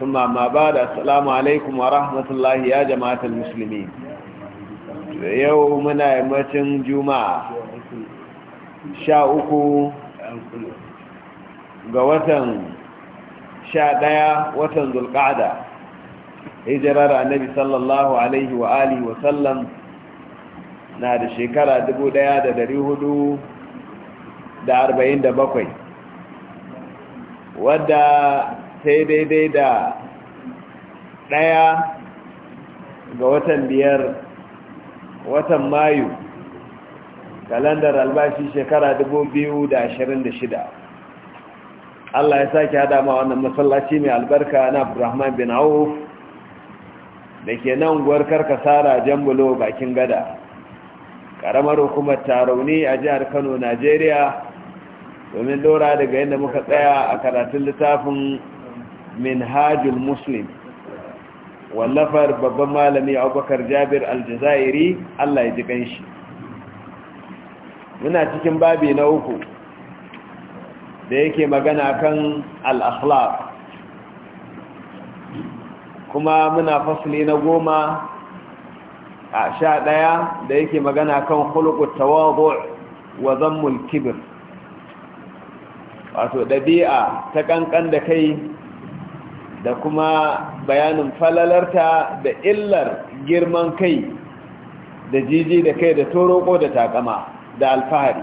ثم ما بعد السلام عليكم ورحمة الله يا جماعة المسلمين يومنا يمتن جمعة شاءكو قوة شاء ديا وتن ذو القعدة hijirar annabi sallallahu alaihi wa alihi wa sallam na da shekara 1447 wadda sai daidai da ɗaya ga watan biyar watan mayu kalandar albashi shekara da da shida. Allah ya sake hada ma wannan masallaci mai albarka na Abdulrahman bin Auf da ke nan gwar karkasara jambulo bakin gada ƙaramar hukumar tarauni a jihar Kano Najeriya domin dora daga yadda muka tsaya a karatun littafin minhajul muslim wallafar babban malami abubakar jabir aljazairi allah ya ji ganshi. muna cikin babi na uku da yake magana kan al'akhlaq kuma muna fasli na goma a sha ɗaya da yake magana kan hulukut tawadu wa zammul kibir wato ɗabi'a ta ƙanƙan da kai da kuma bayanin falalarta da illar girman kai da jiji da kai da toroko da takama da alfahari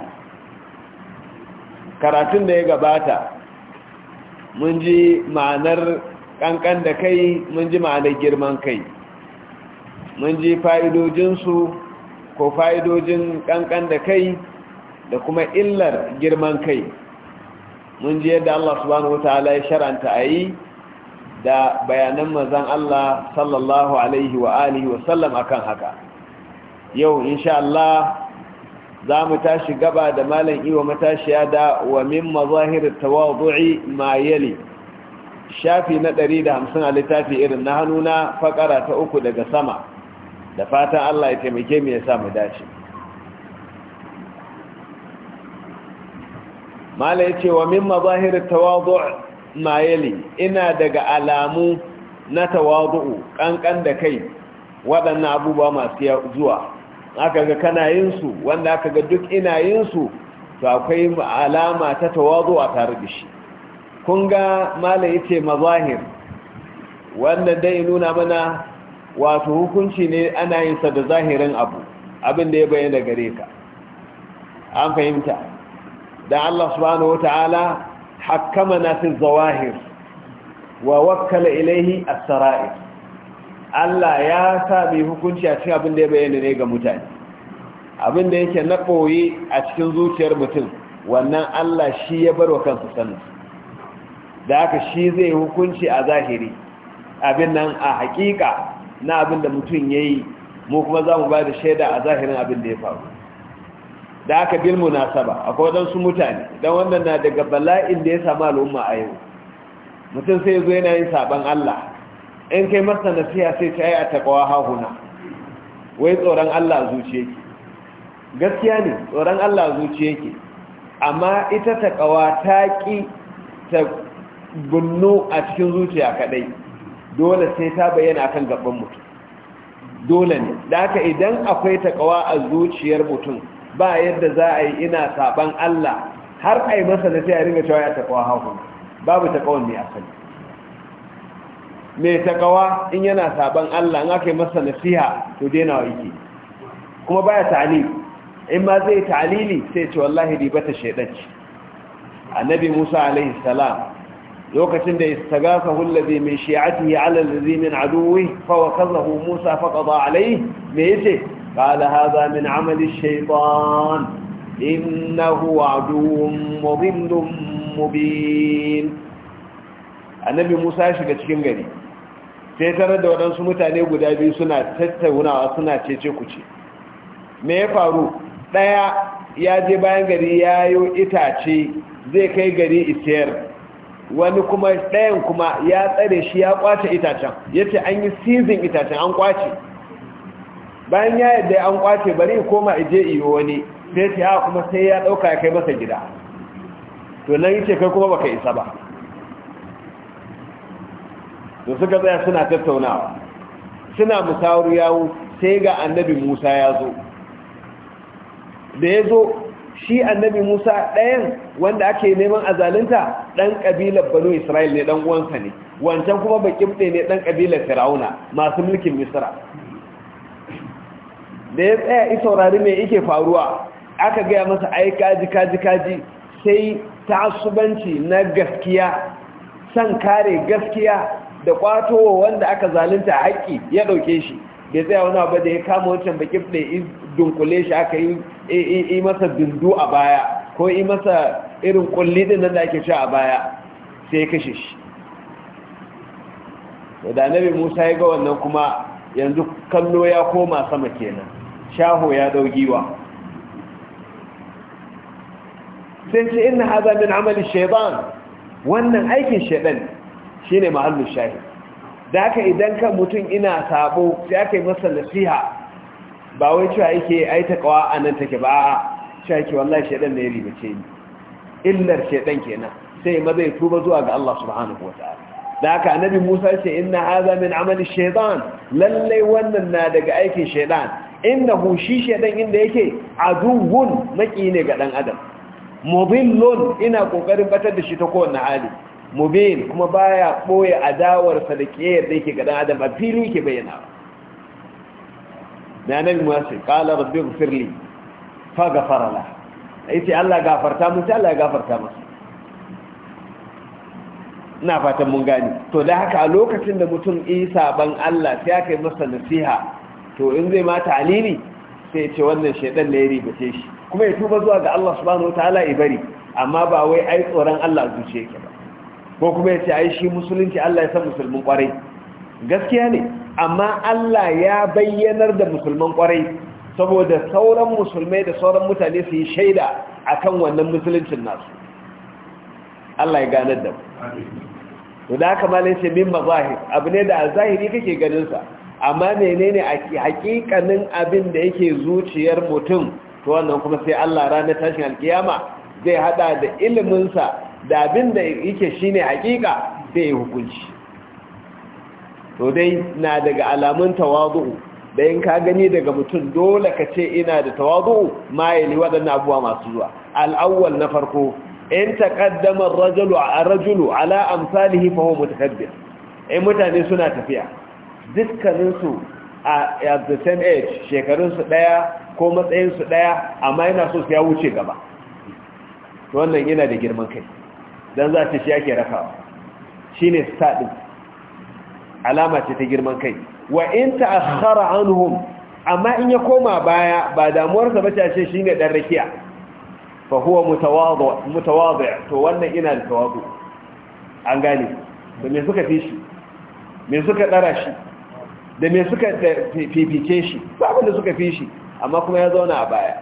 karatun da ya gabata mun ji ma'anar kankan da kai mun ji ma'anar girman kai mun ji fa'idojinsu ko fa'idojin kankan da kai da kuma illar girman kai mun ji yadda Allah subhanahu wa ta'ala ya sharanta a yi da bayanan manzan Allah sallallahu alaihi wa alihi wa sallam akan haka yau insha Allah za mu tashi gaba da malam iwa matashiya da wa min mazahir tawadu'i ma yali shafi na 150 a littafi irin na hannuna fakara ta uku daga sama da fatan Allah ya taimake mu ya sa mu dace malai ce wa min mazahir tawadu'i mayali ina daga alamu na tawadu'u kankan da kai waɗannan abubuwa masu zuwa aka ga kana yin su wanda aka ga duk ina yin su to akwai alama ta tawadu'u a tare da shi kun ga malam yace mazahir wanda dai nuna mana wato hukunci ne ana yin sa da zahirin abu abin da ya bayyana gare ka an fahimta da Allah subhanahu wataala حكمنا في الظواهر ووكل إليه السرائر Allah ya sa mai hukunci a cikin abin da ya bayyana ne ga mutane abin da yake na ɓoye a cikin zuciyar mutum wannan Allah shi ya bar wa kansu sanin da haka shi zai hukunci a zahiri abin nan a haƙiƙa na abin da mutum ya yi mu kuma za mu ba da shaida a zahirin abin da ya faru da aka bil munasaba akwai su mutane don wannan na daga bala'in da ya samu al'umma a yau mutum sai zo yana yin saban Allah in kai masa nasiha sai ta yi a taƙawa hahuna wai tsoron Allah zuciya ke gaskiya ne tsoron Allah zuciya ke amma ita taƙawa ta ƙi ta bunno a cikin zuciya kaɗai dole sai ta bayyana akan gaban mutum dole ne da haka idan akwai taƙawa a zuciyar mutum ba yadda za a yi ina saban Allah har ai masa da sai a ringa cewa ya taƙawa haku babu takawan ne asali mai takawa in yana saban Allah in aka yi masa nasiha to daina wa yake kuma baya tali in ma zai ta'lili sai ce wallahi ta shaidanci annabi Musa alaihi salam lokacin da istagafahu allazi min shi'atihi ala allazi min aduwwi fa wakazahu Musa qada alaihi me yace قال هذا من عمل الشيطان إنه عدو مضل مبين shiga cikin gari sai tare da waɗansu mutane guda biyu suna tattaunawa suna cece kuce me ya faru ɗaya ya je bayan gari ya yi itace zai kai gari isiyar wani kuma ɗayan kuma ya tsare shi ya kwace itacen yace an yi sizin itacen an kwace bayan ya yadda an kwace bari koma ije iyo wani sai ce kuma sai ya dauka ya kai masa gida to nan yace kai kuma baka isa ba to suka tsaya suna tattaunawa suna musawar yawo sai ga annabi Musa ya zo da ya zo shi annabi Musa ɗayan wanda ake neman azalinta ɗan ƙabilar Banu Isra'il ne ɗan uwansa ne wancan kuma baƙin ne ɗan ƙabilar Fir'auna masu mulkin Misra da ya tsaya i saurari mai ike faruwa aka gaya masa ai kaji kaji kaji sai asubanci na gaskiya san kare gaskiya da wa wanda aka zalunta a haƙƙi ya ɗauke shi ya tsaya wani abu da ya kama wancan bakin da ya dunkule shi aka yi masa dundu a baya ko yi masa irin kulli din nan da ake sha a baya sai ya kashe shi da annabi musa ya ga wannan kuma yanzu kallo ya koma sama kenan shaho ya dau giwa sai ce inna haza min amali shaytan wannan aikin shaytan shine mahallu shahi da haka idan kan mutum ina sabo sai aka yi masa nasiha ba wai cewa yake ai ta kawa anan take ba a cewa yake wallahi shaytan ne ya ribace ni illar shaytan kenan sai maza ya tuba zuwa ga Allah subhanahu wataala da haka annabi Musa ce inna hadha min amali shaytan lalle wannan na daga aikin shaytan innahu shi shaytan inda yake aduwwun maki ne ga dan adam mudillun ina kokarin batar da shi ta kowanne hali mubin kuma baya boye adawar sa da yake ga dan adam a fili yake bayyana da annabi Musa qala rabbighfirli faghfara lahu yace Allah gafarta mu sai Allah ya gafarta masa ina fatan mun gani to da haka a lokacin da mutum isa ban Allah sai aka yi masa nasiha to in zai mata alili sai ya ce wannan shaidan ne ya ribace shi kuma ya tuba zuwa ga Allah subhanahu wataala ya bari amma ba wai ai tsoron Allah zuciya yake ba ko kuma ya ce ai shi musulunci Allah ya san musulmin kwarai gaskiya ne amma Allah ya bayyanar da musulman kwarai saboda sauran musulmai da sauran mutane su yi shaida akan wannan musuluncin nasu Allah ya ganar da mu da haka malin shi min mazahir abu ne da a zahiri kake ganinsa amma menene a hakikanin abin da yake zuciyar mutum to wannan kuma sai Allah ranar tashin alkiyama zai hada da iliminsa da abin da yake shi ne hakika sai ya hukunci to dai na daga alamun tawazu'u da in ka gani daga mutum dole ka ce ina da tawazu'u ma yali waɗannan abubuwa masu zuwa al'awwal na farko in taqaddama ar-rajulu ar-rajulu ala amsalihi fa huwa mutakabbir ai eh, mutane suna tafiya dukkanin su at the same age shekarun su daya ko matsayin su daya amma yana so su ya wuce gaba wannan yana da girman kai dan za ta shi yake rakawa shine sadin alama ce ta girman kai wa in ta'akhkhara anhum amma in ya koma baya ba damuwarsa ba ta ce ne dan rakiya fa huwa mutawadi' to wannan ina da tawadu an gane da me suka fi shi me suka dara shi da me suka fifike shi abin da suka fi shi amma kuma ya zauna a baya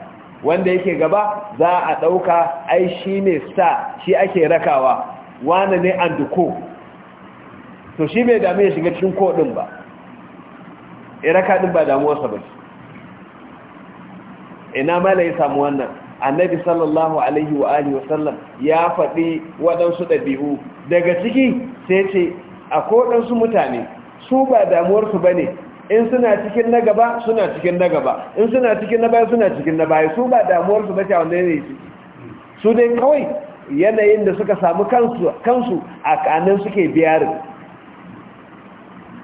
wanda yake gaba za a dauka ai shi ne sa shi ake rakawa wane ne anduko to shi bai damu ya shiga cikin koɗin ba iraka din ba damuwarsa ba ina ma ya samu wannan annabi sallallahu alaihi wa alihi wasallam ya faɗi waɗansu ɗabi'u daga ciki sai ce a koɗansu mutane su ba damuwarsu ba ne in suna cikin na gaba suna cikin na gaba in suna cikin na baya suna cikin na baya su ba damuwarsu ba ce wanda ne su. su dai kawai yanayin da suka samu kansu a kanin suke biyarin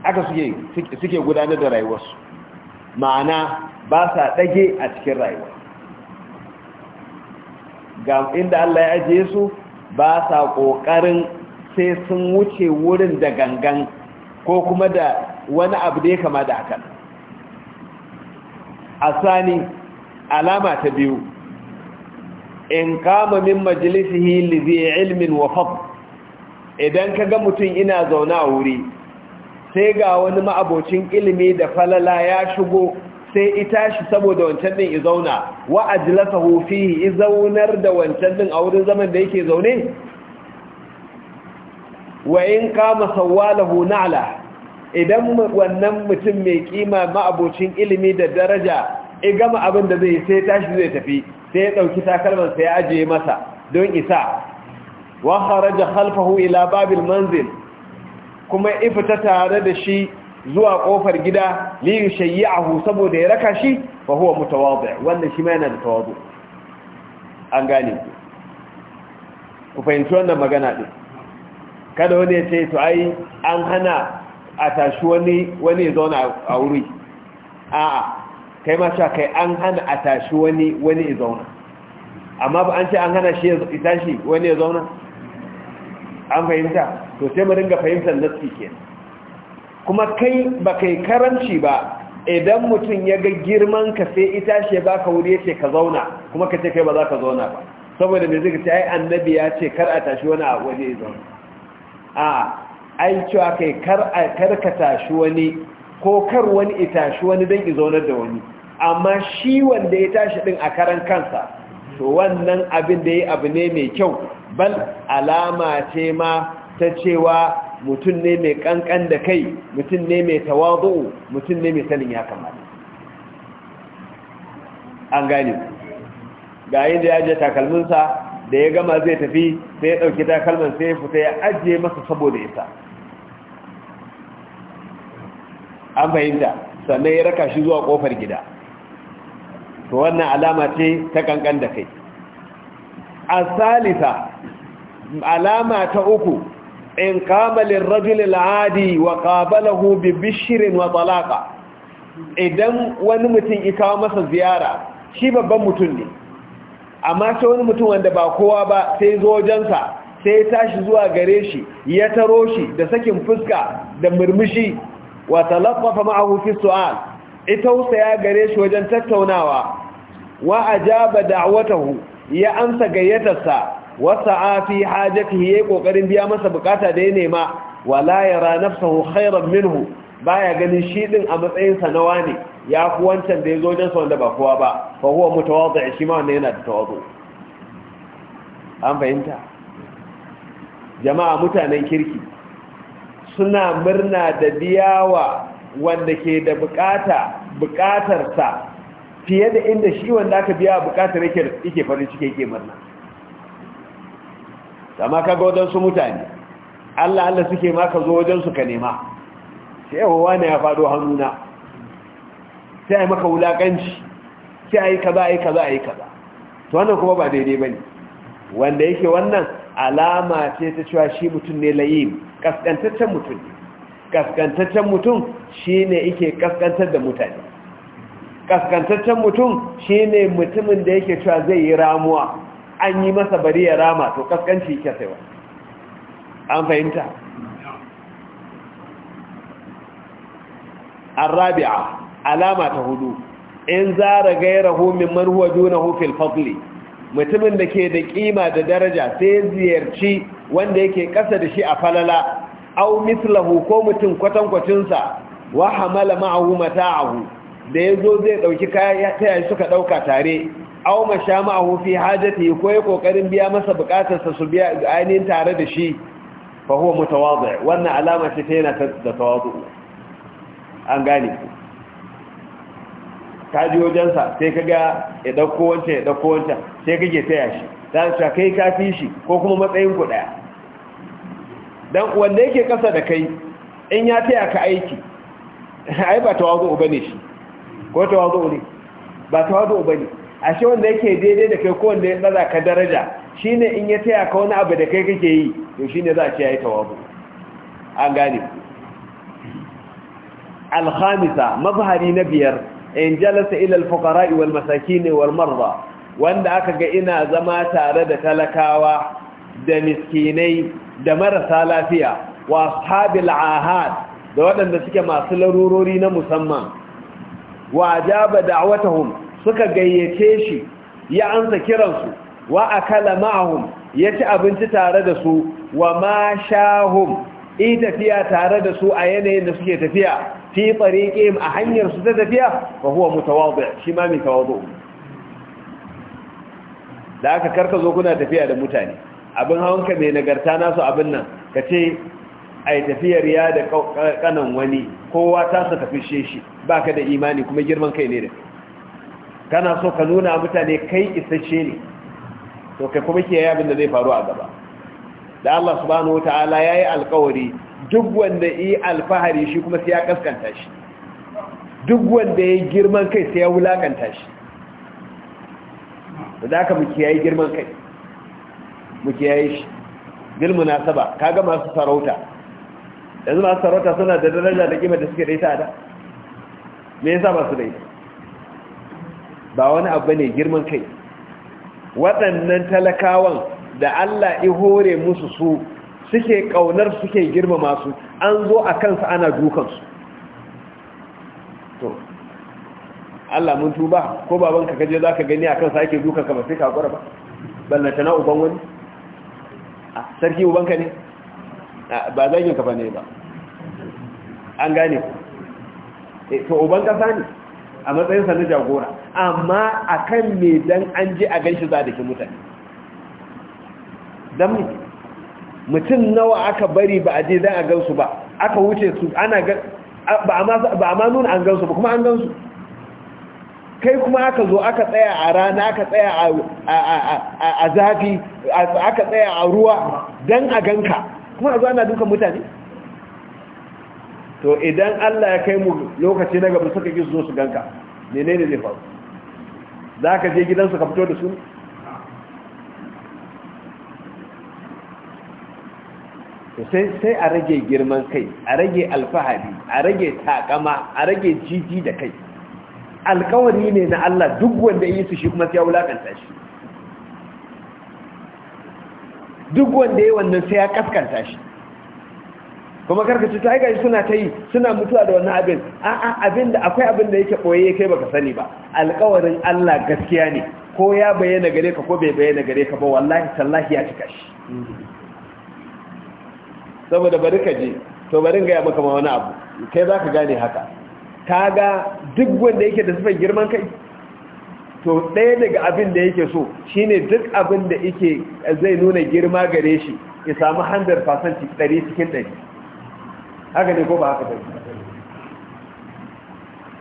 aka suke gudanar da rayuwarsu ma'ana ba sa ɗage a cikin rayuwa ga inda Allah ya ajiye su ba sa ƙoƙarin sai sun wuce wurin da gangan ko kuma da wani abu da ya kama da A asani alama ta biyu in kama min majalisihi li ilmin wa idan ka ga mutum ina zaune a wuri sai ga wani ma'abocin ilimi da falala ya shigo sai ita shi saboda wancan din izauna wa ajlasahu fihi izaunar da wancan din a wurin zaman da yake zaune wa in qama sawalahu na'la idan wannan mutum mai kima ma'abocin ilimi da daraja i gama abin da zai sai tashi zai tafi sai ya dauki takalman sai ya ajiye masa don isa wa kharaja khalfahu ila babil manzil kuma ifta tare da shi zuwa kofar gida li yushayyi'ahu saboda ya raka shi fa huwa mutawadi' wannan shi ma yana da tawadu an gane ku ku fahimci wannan magana din kada wani ya ce to ai an hana a tashi wani wani ya zauna a wuri a'a kai ma sha kai an hana a tashi wani wani ya zauna amma ba an ce an hana shi ya tashi wani ya zauna an fahimta to sai mu ringa fahimtar nasu kenan kuma kai ba kai karamci ba idan mutum ya ga girman ka sai ita ce ba ka wuri ce ka zauna kuma ka ce kai ba za ka zauna ba saboda mai zai ce ai annabi ya ce kar a tashi wani a waje zauna a ai cewa kai kar ka tashi wani ko kar wani ya tashi wani don ya zaunar da wani amma shi wanda ya tashi din a karan kansa to wannan abin da ya abu ne mai kyau bal alama ce ma ta cewa mutum ne mai kankan da kai mutum ne mai tawazu mutum ne mai sanin ya kamata an gane ga yin da ya je takalminsa da ya gama zai tafi sai ya ɗauki takalman sai ya fita ya ajiye masa saboda yasa an fahimta sannan ya raka shi zuwa ƙofar gida to wannan alama ce ta kankan da kai a salisa alama ta uku in kama lirrajul al'adi wa qabalahu bi bishrin wa talaqa idan wani mutum ya kawo masa ziyara shi babban mutum ne amma sai wani mutum wanda ba kowa ba sai zo wajensa sai ya tashi zuwa gare shi ya taro shi da sakin fuska da murmushi wa talaffafa ma'ahu fi su'al ita ya gare shi wajen tattaunawa wa ajaba da'watahu ya amsa gayyatarsa a fi ya yi kokarin biya masa bukata da ya nema wala na nafsuhu khairan minhu ya ganin shiɗin a matsayin sa na wane ya fi wancan da ya zo jansu wanda ba kowa ba fa huwa a shi ma wanda yana da tawazo. an fahimta jama'a mutanen kirki suna murna da biyawa wanda ke da bukata bukatarsa fiye da inda shi wanda aka biya bukatar yake farin ciki yake murna ga wajen su mutane Allah Allah suke ma ka zo wajensu ka nema sai yawa wani ya faɗo hannuna sai a maka wulaƙanci sai a yi kaza a yi kaza a yi kaza to wannan kuma ba daidai ba ne wanda yake wannan alama ce ta cewa shi mutum ne layim kaskantaccen mutum ne kaskantaccen mutum shi ne yake kaskantar da mutane kaskantaccen mutum shi ne mutumin da yake cewa zai yi ramuwa an yi masa bari ya rama to kaskanci ke saiwa an fahimta arabi'a alama ta hudu in zara gairahu min marhu huwa fil fadli mutumin da ke da kima da daraja sai ziyarci wanda yake kasa da shi a falala aw mislahu ko mutum kwacin sa wa hamala ma'ahu mata'ahu da yazo zai dauki kaya ta yayi suka dauka tare aw masha ma'ahu fi hajati ko ya kokarin biya masa bukatarsa su biya ainihin tare da shi fa huwa mutawadi' wannan alama ce ta yana da tawadu an gane ku ka ji wajensa sai ka ga ya dauko wancan ya dauko wancan sai ka taya shi ta su kai ka fi shi ko kuma matsayin ku ɗaya Dan wanda yake ƙasa da kai in ya taya ka aiki ai ba tawazo bane shi ko tawazo ne ba tawazo bane ne ashe wanda yake daidai da kai ko wanda ya tsara ka daraja shine in ya taya ka wani abu da kai kake yi to shine za a ce yayi tawabu an gane al-khamisa mabhari na biyar in jalasa ila al-fuqara wal masakin wal marda wanda aka ga ina zama tare da talakawa da miskinai da marasa lafiya wa ashabil ahad da waɗanda suke masu larurori na musamman wa ajaba da'watahum suka gayyace shi ya ansa kiransu wa akala ma'ahum ya ci abinci tare da su wa ma shahum ita fiya tare da su a yanayin da suke tafiya fi tsariƙe a hanyar su ta tafiya fa huwa mutawadu shi ma mai tawadu da aka karka zo kuna tafiya da mutane abin hawanka mai nagarta nasu abin nan kace ce tafiyar ya da kanan wani kowa ta sa tafishe shi baka da imani kuma girman kai ne da kai kana so ka nuna mutane kai isasshe ne to kai kuma ke yabin da zai faru a gaba da Allah subhanahu wata'ala ya yi alkawari duk wanda yi alfahari shi kuma sai ya kaskanta shi duk wanda ya yi girman kai sai ya wulakanta shi da za ka muke yayi girman kai muke yayi shi girma na saba kaga masu sarauta yanzu masu sarauta suna da daraja da kima da suke daita da me yasa masu daita ba wani abu ne girman kai waɗannan talakawan da Allah ya hore musu su suke ƙaunar suke girmama su an zo a kansu ana dukansu to Allah mun tuba ko babanka kaje za ka gani a kansa ake dukanka ba sai ka hakura ba ballanta na uban wani A sarki ubanka ne ba zaginka ba ne ba an gane eh, to uban kasa ne a matsayinsa na jagora amma a kan me dan an je a ganshi za da ke mutane don mutum nawa aka bari ba a je dan a gansu ba aka wuce su ana ba a ma nuna an gansu ba kuma an gansu kai kuma aka zo aka tsaya a rana aka tsaya a zafi aka tsaya a ruwa don a ganka kuma a zo ana duka mutane to idan Allah ya kai mu lokaci na gaba suka ki zo su ganka menene zai faru za ka je gidansu ka fito da su sai a rage girman kai a rage alfahari a rage takama a rage jiji da kai alkawari ne na Allah duk wanda yi su shi kuma sai ya wulakanta shi duk wanda yi wannan sai ya kaskanta shi kuma karka ce ta aika suna ta yi suna mutuwa da wannan abin a'a abin da akwai abin da yake koye kai baka sani ba alƙawarin Allah gaskiya ne ko ya bayyana gare ka ko bai bayyana gare ka ba wallahi tallahi ya cika shi saboda bari ka je to bari ga ya maka ma wani abu kai za ka gane haka Ka ga duk wanda yake da sifar girman kai to ɗaya daga abin da yake so shine duk abin da yake zai nuna girma gare shi ya samu 100% 100 cikin ɗari. haka ne ko ba haka bai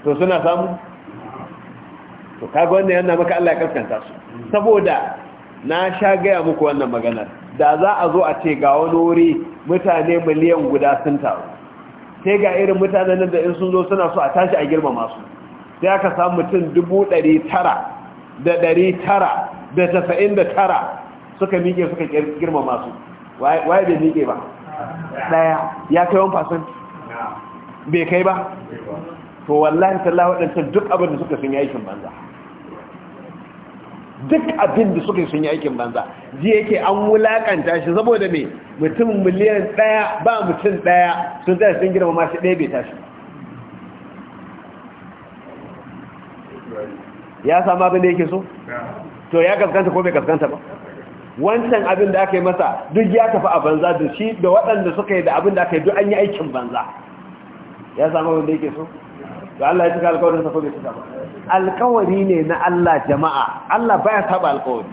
to suna samu to kaga wannan yana maka Allah ya kaskanta su saboda na sha gaya muku wannan maganar da za a zo a ce ga wani wuri mutane miliyan guda sun taru sai ga irin mutanen nan da in sun zo suna so a tashi a girmama su sai aka samu mutum dubu ɗari tara da ɗari tara da tafain da tara suka miƙe suka girmama su waye bai miƙe ba daya ya kai 1% bai kai ba to wallahi sallah waɗancan duk abin da suka sun yi aikin banza duk abin da suka sun yi aikin banza ji yake an wulakanta shi saboda me mutum miliyan daya ba mutum daya sun tsaye sun girma masu ɗaya bai tashi ya sama abin da yake so to ya gaskanta ko bai gaskanta ba wancan abin da aka yi masa duk ya tafi a banza da shi da waɗanda suka yi da abin da aka yi duk an yi aikin banza ya samu wanda yake so da Allah ya cika alkawarin sa ko bai cika ba alkawari ne na Allah jama'a Allah baya saba alkawari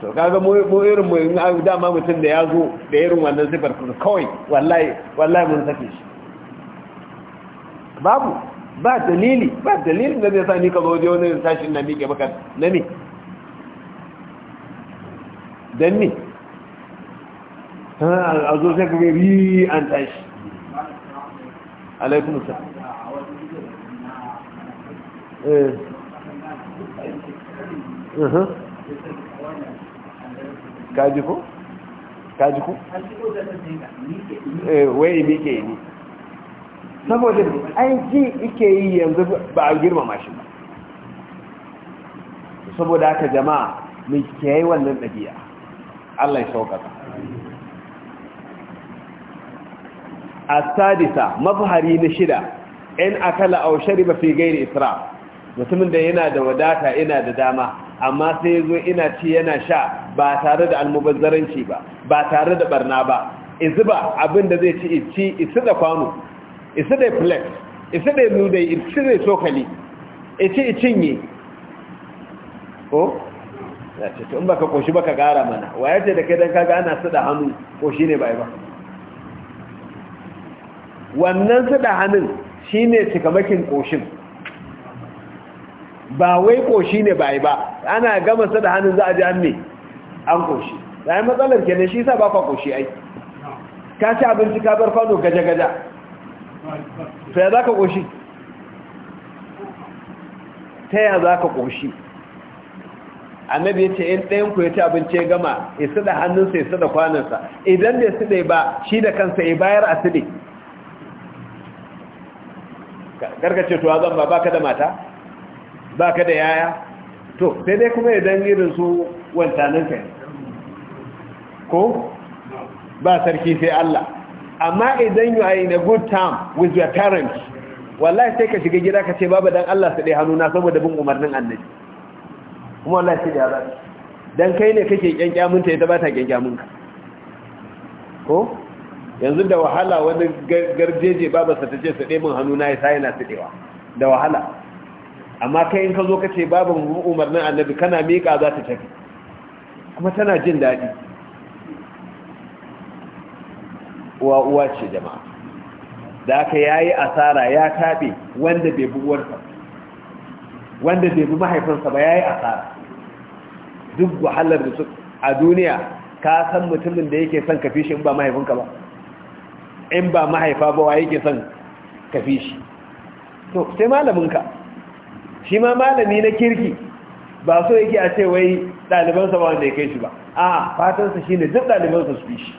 to kaga mu irin mu dama mutum da ya zo da irin wannan sifar kawai wallahi wallahi mun sake shi babu ba dalili ba dalili da zai sa ni ka zo je wani sashin na mike baka na me don me ah, a zo sai kuma ri an tashi alaikun sa eh. uh-huh. kaji ko? kaji ko? eh wai mike ni saboda an ji ike yi yanzu ba a girmama shi ba saboda haka jama'a mai kiyaye wannan ɗabi'a Allah ya a sadisa mafahari na shida 'Yan akala aw ba fi gairi isra mutumin da yana da wadata yana da dama amma sai yazo ina ci yana sha ba tare da almubazzaranci ba ba tare da barna ba izuba abin da zai ci ci isu da kwano isa da flex isa da nudai isa da sokali ice icinye ko oh? ya ce tun baka koshi baka gara mana waya ce da kai don kaga ana sada hannu koshi ne bai ba wannan sada hannun shi ne cikamakin koshin ba wai koshi ne bai ba ana gama sada hannun za a ji an an koshi da matsalar kenan shi sa ba koshi ai ka ci abinci ka bar fano gaje gaja. ta ya za ka ƙoshi ta ya za ka ƙoshi annabi ya ce in ɗayan ku ya ci abinci ya gama ya da hannunsa ya da kwanansa idan da ya sada ba shi da kansa ya bayar a sada gargace tuwa zan ba baka da mata baka da yaya to sai dai kuma idan irin su wancanin ka ko ba sarki sai Allah amma idan you are in a good term with your parents wallahi sai ka shiga gida ka ce babu dan Allah su dai na saboda bin umarnin annabi kuma wallahi sai da ba dan kai ne kake mun ta ita ba ta mun ka ko yanzu da wahala wani garjeje baba sa tace su dai min hannu ya sai yana su dewa da wahala amma kai in ka zo ka ce babu umarnin annabi kana mika za ta tafi kuma tana jin dadi uwa uwa ce jama'a da aka yayi asara ya tabe wanda bai bi uwarsa wanda bai bi mahaifinsa ba yayi asara duk wahalar da su a duniya ka san mutumin da yake son kafi shi in ba mahaifinka ba in ba mahaifa ba wa yake son kafi shi to sai malaminka shi ma malami na kirki ba so yake a ce wai ɗalibansa ba wanda ya kai shi ba a fatansa shine duk ɗalibansa su bi shi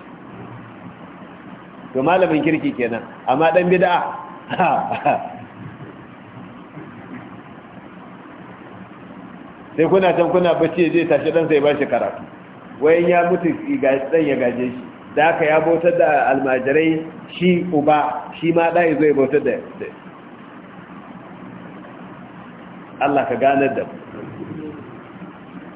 to malamin kirki kenan amma dan bid'a sai kuna can kuna bacci zai tashi dan sai ba shi karatu wayan ya mutu ga dan ya gaje shi da aka ya bautar da almajirai shi uba shi ma da yazo ya bautar da Allah ka ganar da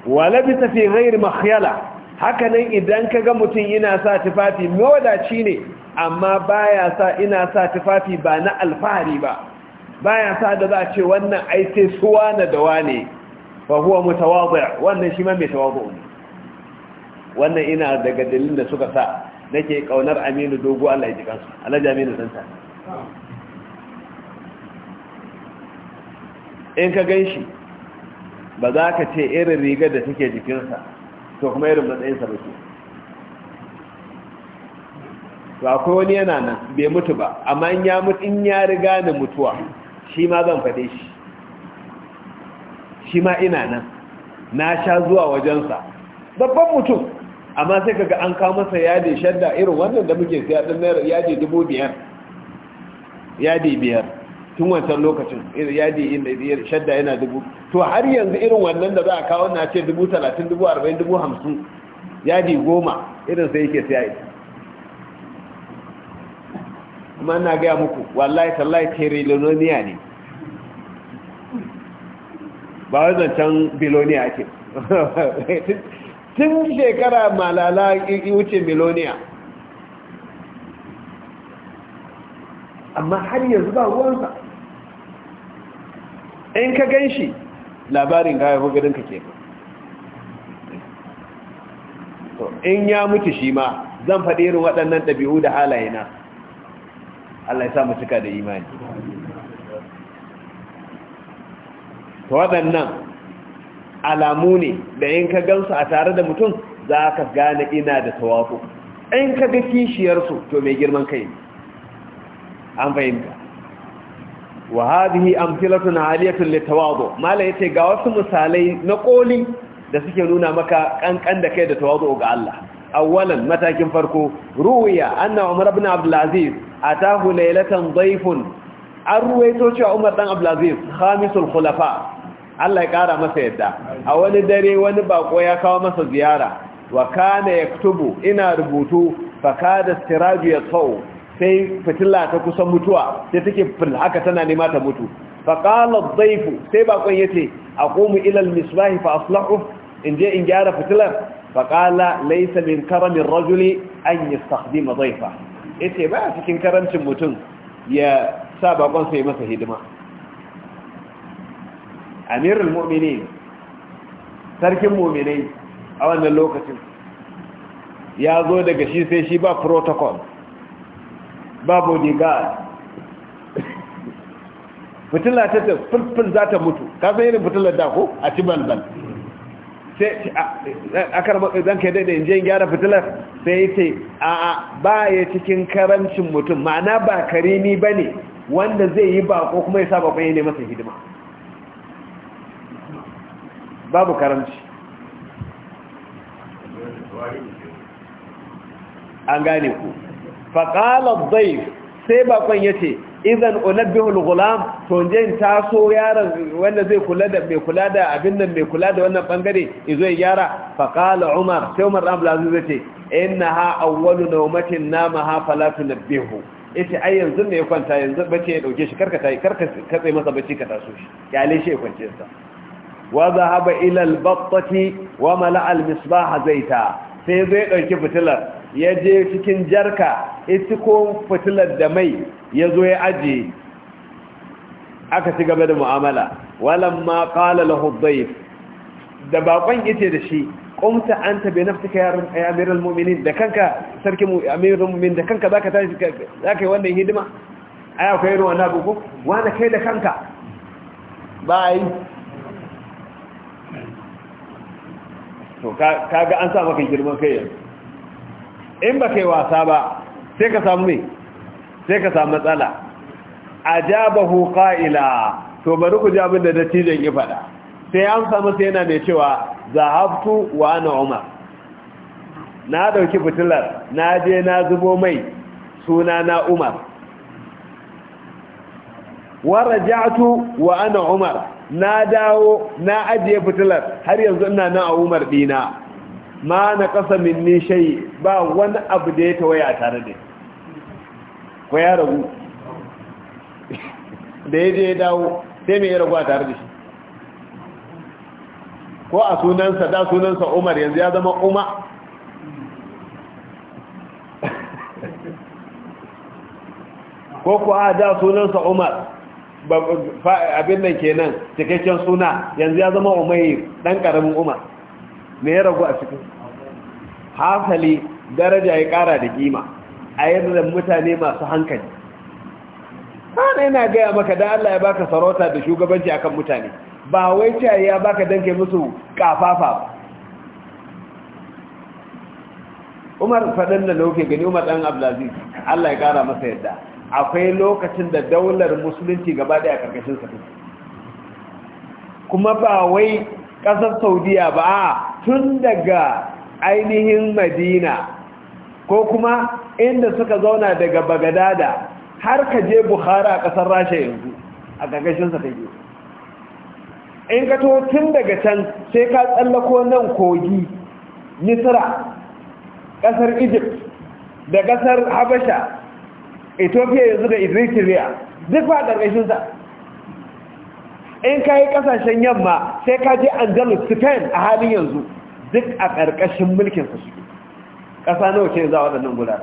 Wala bi safi ghairi makhyala haka nan idan kaga mutum yana sa tufafi mawadaci ne amma baya sa ina sa tufafi ba na alfahari ba baya sa da za a ce wannan ai sai suwa na dawa ne fa huwa mutawadi' wannan shi ma mai tawadu ne wannan ina daga dalilin da suka sa nake kaunar Aminu Dogo Allah ya ji kansu Alhaji Aminu Santa in ka ganshi ba za ka ce irin rigar da take jikinsa to kuma irin matsayinsa ba ke wa akwai wani yana nan bai mutu ba amma in ya mutu in ya riga ni mutuwa shi ma zan faɗe shi shi ma ina nan na sha zuwa wajensa babban mutum amma sai kaga an kawo masa yadi shadda irin wannan da muke siya din naira yadi dubu biyar yadi biyar tun wancan lokacin yadi shadda yana dubu to har yanzu irin wannan da za a kawo na ce dubu talatin dubu arba'in dubu hamsin yadi goma irin sai yake siya ita kuma na gaya muku wallahi tallahi teriloniya ne ba wai zancen biloniya ake tun shekara malala wuce miloniya amma har yanzu ba ruwansa in ka gan shi labarin gaya ka ke in ya mutu shi ma zan faɗi irin waɗannan ɗabi'u da halayena Allah ya sa mu cika da imani to waɗannan alamu ne da in ka gansu a tare da mutum za ka gane ina da tawafu in ka ga kishiyarsu to mai girman kai an fahimta wa hadhihi amthilatun aliyatun litawadu mala yace ga wasu misalai na koli da suke nuna maka kankan da kai da tawadu ga Allah awwalan matakin farko ruwiya anna umar ibn abdul aziz atahu laylatan dayfun an cewa umar dan abdul aziz khamisul khulafa Allah ya kara masa yadda a wani dare wani bako ya kawo masa ziyara wa kana yaktubu ina rubutu fakada siraju ya sai fitila ta kusan mutuwa sai take haka tana nema ta mutu faqala dhaifu sai bakon yace aqumu ila almisbah fa aslahu in je in gyara fitilar faƙala laisa min karamin rajuli an yi sakhdima zaifa ita ba a cikin karancin mutum ya sa bakon yi masa hidima amirul mummini, sarkin mummini a wannan lokacin ya zo daga shi sai shi ba protocol ba bodyguard fitila ta ta fulful za ta mutu ka san irin fitilar da ko a ci balbal sai akar matsayi zan kai daidai in gyara fitilar sai ce a ba ya cikin karancin mutum ma'ana ba karimi ba ne wanda zai yi bako kuma ya sa bakon ya ne masa hidima babu karamci an gane ku faƙalar zai sai bakon ya ce Izan unabbihul gulam to je in taso yaron wanda zai kula da mai kula da abin nan mai kula da wannan bangare izo ya gyara fa qala umar sai umar abdul aziz yace innaha awwalu nawmatin namaha fala tunabbihu yace ai yanzu ne ya kwanta yanzu bace ya dauke shi karka tai karka katse masa bacci ka taso shi kyale shi ya kwance sa wa zahaba ila al-battati wa mala'a al-misbah zaita sai zai dauki fitilar ya je cikin jarka ko fitilar da mai ya zo ya ajiye aka ci gaba da mu'amala walan ma qala lahu dhayf da bakon yace da shi qumta anta bi nafsika ya amirul mu'minin da kanka sarki amirul mu'minin da kanka zaka tashi zaka yi wannan hidima Aya akwai irin wannan abu ko wanda kai da kanka bai to kaga an sa maka girman kai yanzu in ba kai wasa ba sai ka samu mai sai ka samu matsala a ajabahu qa'ila to bari ku ja bin da dattijan ya faɗa sai an samu sai yana mai cewa zahabtu wa ana umar na ɗauki fitilar na je na zubo mai suna na umar wara raja'tu wa ana umar na dawo na ajiye fitilar har yanzu ina nan a umar dina ma na ƙasa minni shai ba wani abu da ya ta a tare da ko ya ragu da ya je ya dawo sai mai ya ragu a tare da shi ko a sunansa da sunansa umar yanzu ya zama umar ko kuwa da sunansa umar abin nan kenan cikakken suna yanzu ya zama umair dan ƙaramin umar me ya ragu a cikin hankali daraja ya kara da kima a yadda mutane masu hankali sana yana gaya maka da Allah ya baka sarauta da shugabanci akan mutane ba wai cewa ya baka danke musu kafafa ba Umar faɗin da lauke gani Umar ɗan Abdulaziz Allah ya ƙara masa yadda akwai lokacin da daular musulunci gaba ɗaya a ƙarƙashin sa kuma ba wai ƙasar Saudiya ba a tun daga ainihin madina ko kuma inda suka zauna daga bagadada har ka je bukhara a ƙasar rasha yanzu a ƙarƙashinsa ta yi in ka to tun daga can sai ka tsallako nan kogi misra ƙasar egypt da ƙasar habasha ethiopia yanzu da eritrea duk ba ƙarƙashinsa in ka yi ƙasashen yamma sai ka je andalus spain a halin yanzu duk a ƙarƙashin mulkin su suke ƙasa nawa ce za waɗannan guda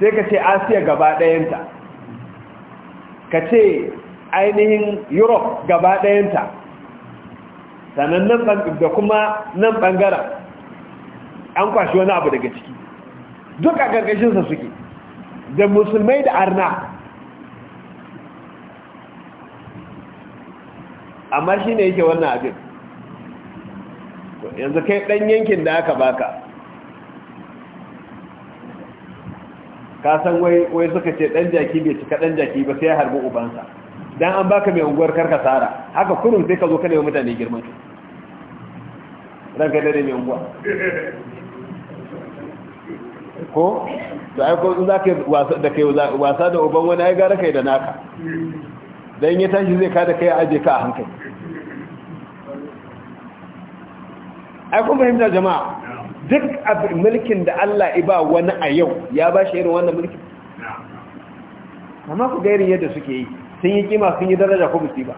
sai ka ce asiya gaba ɗayanta ka ce ainihin europe gaba ɗayanta sannan da kuma nan ɓangaren an kwashi wani abu daga ciki duk a ƙarƙashinsa suke da musulmai da arna amma shi ne yake wannan abin yanzu kai ɗan yankin da aka baka ka san wai suka ce ɗan jaki bai cika ɗan jaki ba sai ya harbi ubansa don an baka mai unguwar karka tsara haka kunun sai ka zo ka nemi mutane girman su ranka dare mai unguwa ko ai ko za ka wasa da uban wani ai gara kai da naka don ya tashi zai kada kai aje ka a hankali ai kun fahimta jama'a duk mulkin da Allah iba wani a yau ya ba shi irin wannan mulkin amma ku gairin yadda suke yi sun yi kima sun yi daraja ko ba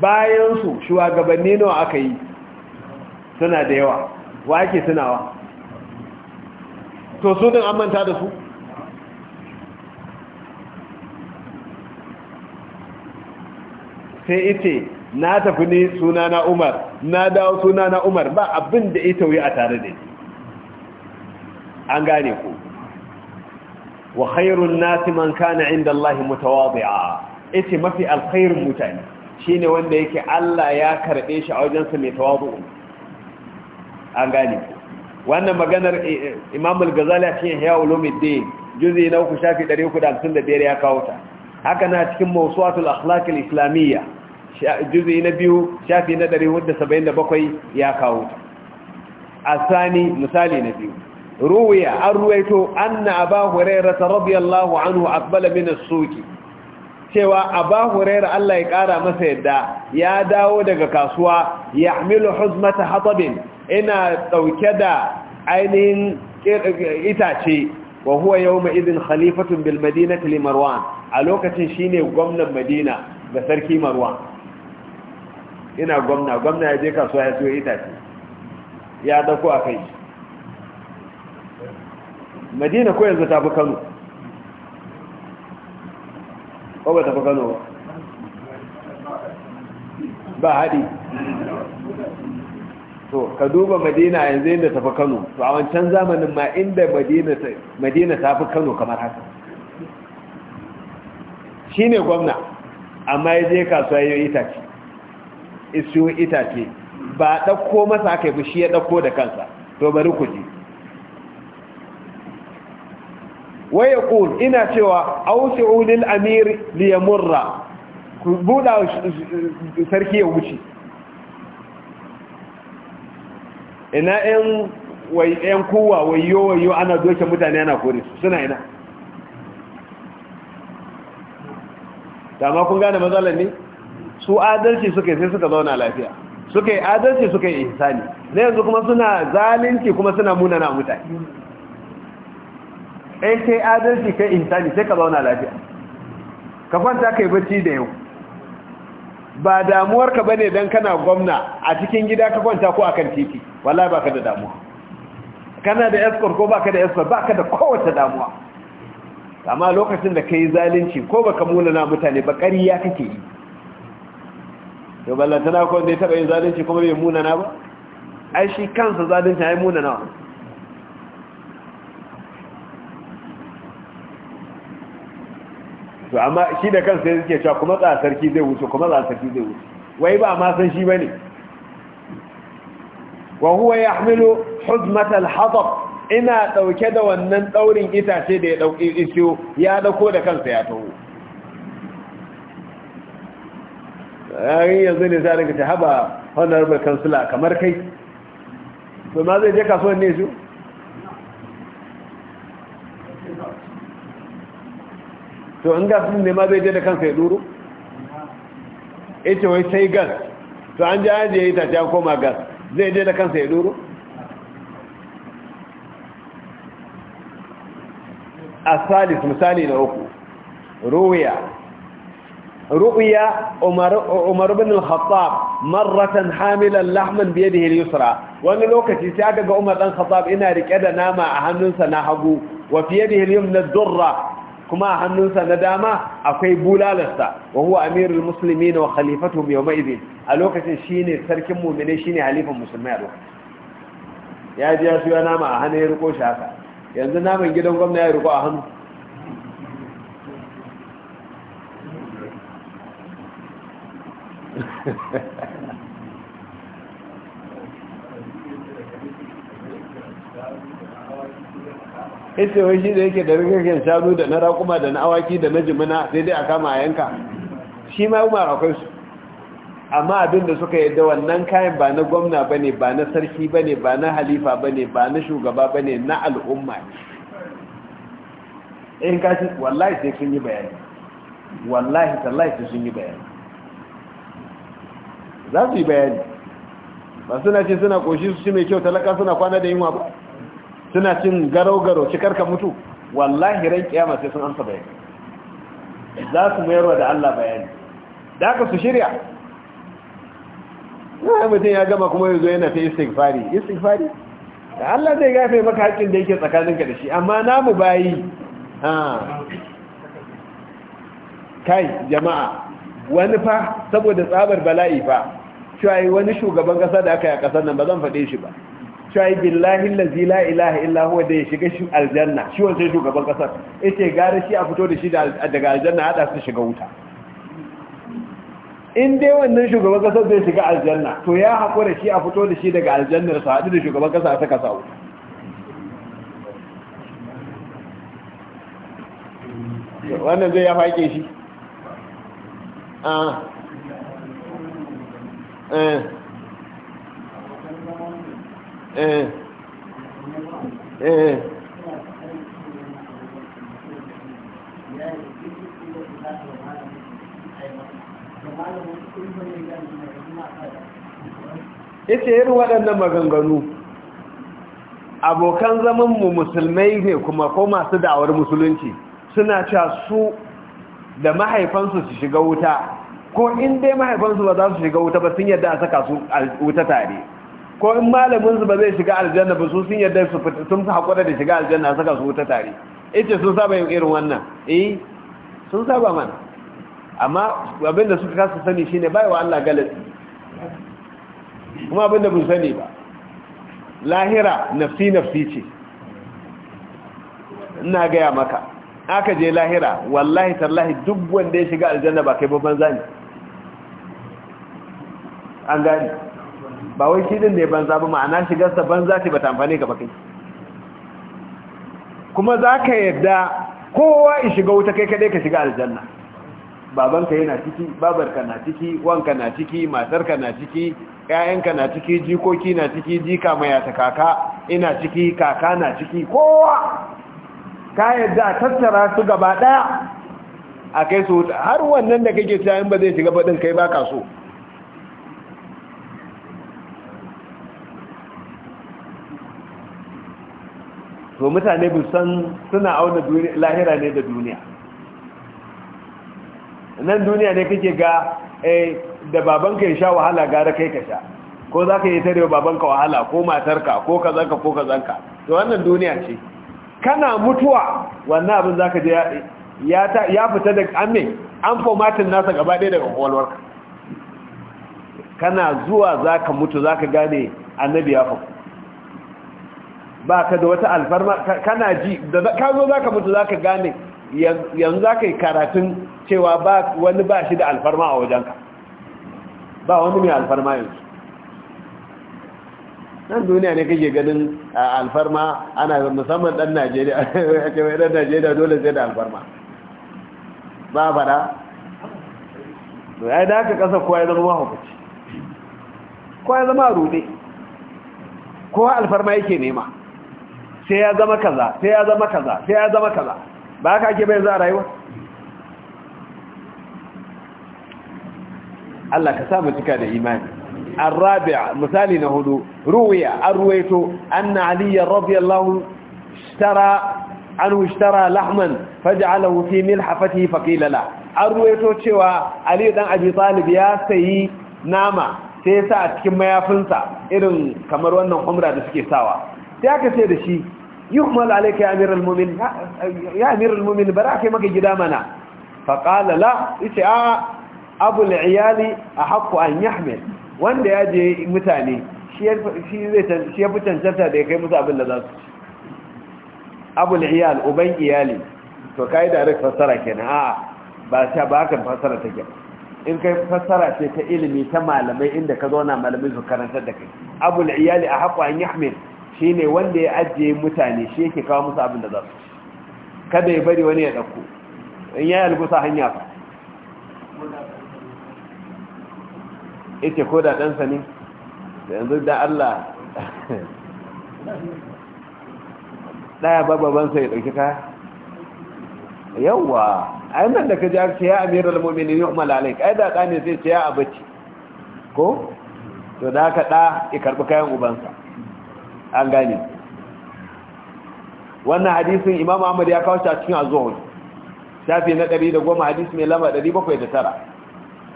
bayan su shugabanni nawa aka yi suna da yawa wa ake wa to su din an manta da su sai ita na tafi ne suna na umar na dawo suna na umar ba abin da ya tauye a tare da an gane ku wa khairun nasi man kana inda Allah mutawadi'a ita mafi alkhairun mutane shine wanda yake Allah ya karbe shi a wajensa mai tawadu an gane ku wannan maganar eh, eh, Imam al-Ghazali a cikin Ihya Ulumuddin juzi na uku shafi 355 ya kawo ta haka na cikin Mawsuatul Akhlaq al-Islamiyya juzi na biyu shafi na 477 ya kawo a sani misali na biyu ruwiya an ruwaito anna aba hurairah radiyallahu anhu aqbala min as-suqi cewa aba hurairah Allah ya kara masa yadda ya dawo daga kasuwa ya'milu huzmata hatabin ina dauke da ainihin itace wa huwa yawma idin khalifatun bil madinati li marwan a lokacin shine gwamnan madina ga sarki marwan ina gwamna gwamna ya je kasuwa ya siyo itace ya dako a kai madina ko yanzu ta fi kano ko ba ta fi kano ba ba haɗi to ka duba madina yanzu yadda ta fi kano to a wancan zamanin ma inda madina ta fi kano kamar haka shi ne gwamna amma ya je kasuwa ya yi itace isiyo itace ba ɗauko masa aka yi shi ya ɗauko da kansa to bari ku ji wai ya ƙun ina cewa ausi ulil amir liyamurra ku buɗa sarki ya wuce ina ‘yan yan kowa wayo wayo ana doke mutane ana kore su suna ina dama kun gane matsalar ne su adalci suka yi sai suka zauna lafiya suka yi adalci suka yi ihsani na yanzu kuma suna zalunci kuma suna munana mutane ai kai adalci kai ihsani sai ka zauna lafiya ka kwanta ka yi bacci da yau ba damuwar ka bane don kana gwamna a cikin gida ka kwanta ko akan titi Wala ba ka da damuwa kana da escort ko ba ka da escort ka da kowace damuwa amma lokacin da ka yi zalunci ko ba muna munana mutane ba ƙarya kake yi yau ballantana ko da ya taɓa yin zalunci kuma bai munana ba ai shi kansa zalunci ya yi munana wa to amma shi da kansa ya suke cewa kuma tsara sarki zai wuce kuma tsara sarki zai wuce wai ba ma san shi ba ne Wahuwa ya hamilu huzmatal hadab ina ɗauke da wannan ɗaurin itace da ya ɗauki isiyo ya dauko da kansa ya taho yayin yanzu ne za a rinka ta haba honorable kansula kamar kai to ma zai je kasuwan ne su to in gas ne ma zai je da kansa ya duro ita wai sai gas to an ji an ita ta koma gas zai je da kansa ya duro a salis misali na uku ruwiya رؤيا عمر عمر بن الخطاب مرة حاملا لحما بيده اليسرى وان لوكتي ساكا عمر بن الخطاب انا ركدا ناما اهننسا نحقو وفي يده اليمنى الدرة كما اهننسا نداما اكوي بولالسا وهو امير المسلمين وخليفتهم يومئذ الوكتي شيني سرك المؤمنين شيني حليف المسلمين الوقت يا جاسو يا ناما اهنن يرقو شاكا ينزل ناما جدا وقمنا يرقو اهنن ita wai shi da yake da rikakin shanu da na raƙuma da na awaki da na jimina daidai a kama a yanka shi ma yi akwai su amma abin da suka yadda wannan kayan ba na gwamna ba ne ba na sarki ba ne ba na halifa ba ne ba na shugaba ba ne na al'umma in kashi wallahi sai sun yi bayani wallahi sallahi sun yi bayani za su yi bayani ba suna ce suna koshi su ci mai kyau talaka suna kwana da yunwa ba suna cin garo-garo, cikar ka mutu wallahi ran kiyama sai sun amsa bayani za su mayarwa da Allah bayani da aka su shirya na mutum ya gama kuma yanzu yana ta istighfari istighfari da Allah zai gafe maka haƙƙin da yake tsakaninka da shi amma namu bayi kai jama'a wani fa saboda tsabar bala'i fa cewa wani shugaban kasa da aka yi a kasar nan ba zan faɗe shi ba cewa billahi lazi la ilaha illa huwa da ya shiga shi aljanna shi wancan shugaban kasar yace gare shi a fito da shi daga aljanna hada su shiga wuta in dai wannan shugaban kasar zai shiga aljanna to ya haƙura shi a fito da shi daga aljannar su haɗu da shugaban kasa a saka sa wuta wannan zai ya faƙe shi a ah. ita eh, eh. eh. waɗannan maganganu abokan zamanmu musulmai ne kuma ko masu da'awar musulunci suna cewa su da mahaifansu su shiga wuta ko in dai mahaifansu ba za su shiga wuta ba sun yadda a saka su wuta tare ko in malaminsu ba zai shiga aljanna ba su sun yadda su sun haƙura da shiga aljanna a saka su wuta tare ita sun saba yin irin wannan eh sun saba mana amma abinda suka kasa sani shine bai wa Allah galati kuma abinda bun sani ba lahira nafsi nafsi ce ina gaya maka aka je lahira wallahi tallahi duk wanda ya shiga aljanna ba kai babban zani an gani ba wai shi din ya banza ba ma'ana shigarsa banza ce ba ta amfani ga bakai kuma za ka yadda kowa in shiga wuta kai kadai ka shiga aljanna babanka yana ciki babarka na ciki wanka na ciki matarka na ciki ƴaƴanka na ciki jikoki na ciki jika mai ta kaka ina ciki kaka na ciki kowa ka yadda a tattara su gaba ɗaya a kai su wuta har wannan da kake cewa in ba zai shiga baɗin kai ba ka so to mutane bu san suna auna lahira ne da duniya nan duniya ne kake ga eh, da babanka ya sha wahala gara kai ka sha ko za ka yi tare wa babanka wahala ko matarka ko ka, ko ka. to wannan duniya ce kana mutuwa wannan abin za ka je ya fita da amin an fomatin nasa gaba ɗaya daga kwalwarka kana zuwa za ka mutu za ka gane annabi ya faku ba ka da wata alfarma kana ji da ka zo za ka mutu za ka gane yanzu za ka yi karatun cewa wani ba shi da alfarma a wajenka ba wani mai alfarma yanzu nan duniya ne kake ganin alfarma ana musamman dan najeriya a cewa dan najeriya dole sai da alfarma ba fada to ya da aka kasa kowa ya zama mahaukaci kowa ya zama rude kowa alfarma yake nema sai ya zama kaza sai ya zama kaza sai ya zama kaza ba haka ake bai za a rayuwa Allah ka samu cika da imani الرابع مثال نهدو روي الرويت أن علي رضي الله اشترى عنه اشترى لحما فجعله في ملحفته فقيل له الرويت شوى علي دان أبي طالب يا سي ناما سيسا أتكما يا فنسا إذن كمروان نحمرا دسكي ساوا سيأكا سيدشي يهمل عليك يا امير المؤمن يا امير المؤمن براك ما جدامنا فقال لا اتي آه، ابو العيال احق ان يحمل وان ده يجي متاني شي شي زيت شي بوتن جتا ده كاي مزا ابن ابو العيال وبين عيالي تو كاي فسره كده اه بس باك فسره تك ان فسره شي تا علمي تا مالمي اند كزونا ابو العيال احق ان يحمل Shi ne wanda ya ajiye mutane shi yake kawo musu abin da za su kada ya bari wani ya ɗauko in ya yi algusa hanya ba ita ko da ɗansa ne da yanzu da Allah ɗaya babansa ya ɗauki kaya yawwa yi nan da ka ji ce ya amira al-mu'mini ne umar alaik ai da ɗa ne zai ce ya abaci ko to da aka ɗa ya karɓi kayan ubansa an gane wannan hadisin imam ahmad ya kawo a cikin azuhud shafi na 110 hadisi mai lamba 709